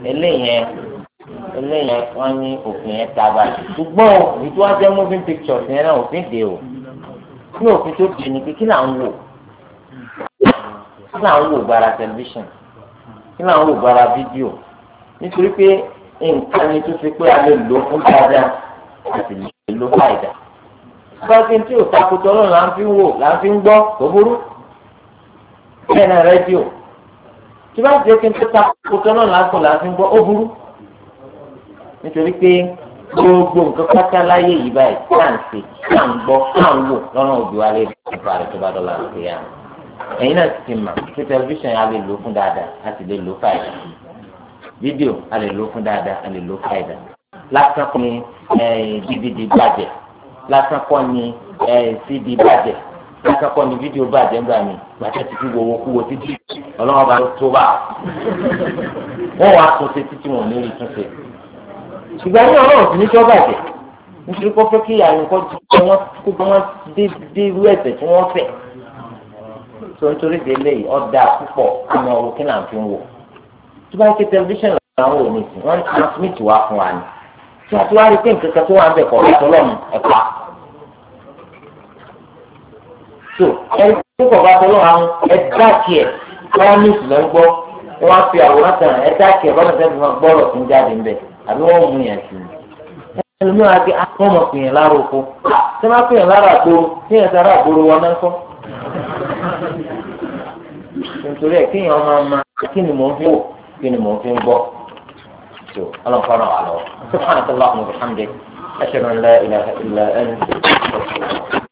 ni eléyẹn eléyẹn wọ́n ní òfin yẹn taba ṣùgbọ́n òfin tí wọ́n jẹ́ moving pictures yẹn náà òfin dè o kí òfin tó dè ní kí là ń wò kí là ń wò gbára tẹlifíṣàn kí là ń wò gbára fídíò nítorí pé nǹkan ni tó fi pé a lè lò fún dáadáa àti lè lò fún àìdá. bá a ti ń tí ò takùtọ̀ lọ́nà là ń fi wò là ń fi ń gbọ́ kò burú bẹ́ẹ̀ náà rẹ́díò tí bá jẹ́ kí n tó ta kótó náà lásán láti ń gbọ́ ó burú nítorí pé gbogbo nǹkan pátá láyé yìí báyìí tá à ń ṣe tá à ń gbọ́ tá à ń wò lọ́nà òbí wa lè bá rẹ̀ tó bá dọ́là ṣe yá ẹ̀yin náà ti mà pé tẹlifíṣàn a lè lò fún dáadáa a sì lè lò fàyà fídíò a lè lò fún dáadáa a lè lò fàyà lásán kọ́ ni dvd bàjẹ́ lásán kọ́ ni cd bàjẹ́ kakọ ni fídíò bàjẹ́ ńgbà mi gbàtẹ́ ti fi wọ́wọ́ kú wo títí ọlọ́wọ́ bá tó bá wọ́n wá tó ṣe títí wọn lórí túnṣe. ṣùgbọ́n ní ọlọ́run sì ní tó bàjẹ́ nítorí kó fẹ́ kí àyùkọ́ ti kọ́ wọn kó bá wọn dé dé irú ẹ̀sẹ̀ tí wọ́n fẹ́. sọ nítorí délé yìí ọ̀dà púpọ̀ ọmọ ọ̀rọ̀ kí náà fi ń wò. tó bá ń ké tẹlifíṣàn làwọn ò ní sìn wọ́n ń transmit wá fún wa ni. tí a ti wá rí pé nǹkan kan tó wà ń bẹ̀ kọ̀ ọ̀rọ̀ so ẹni tó kọ̀ bá tọ́lọ́ àwọn ẹ̀dá kìí wọ́n ní ìsìlẹ̀ ń gbọ́ wọ́n á fi àwòrán kan ẹ̀dá kìí bọ́lá tẹ́ fi máa gbọ́rọ̀ tó ń jáde ń bẹ̀ àbí wọ́n mú yẹn sí i. ẹlòmí wa ti akọ́mọ ah, fìyàn lára oko tí ah, wọ́n á lára àgbòrò fìyàn sára àgbòrò wọn náà kọ́. nítorí ẹ̀ kíyàn máa ma kí ni mò ń fi wò kí ni mò ń fi ń gbọ́. so ọlọ́nkọ́nà wà lọ́wọ́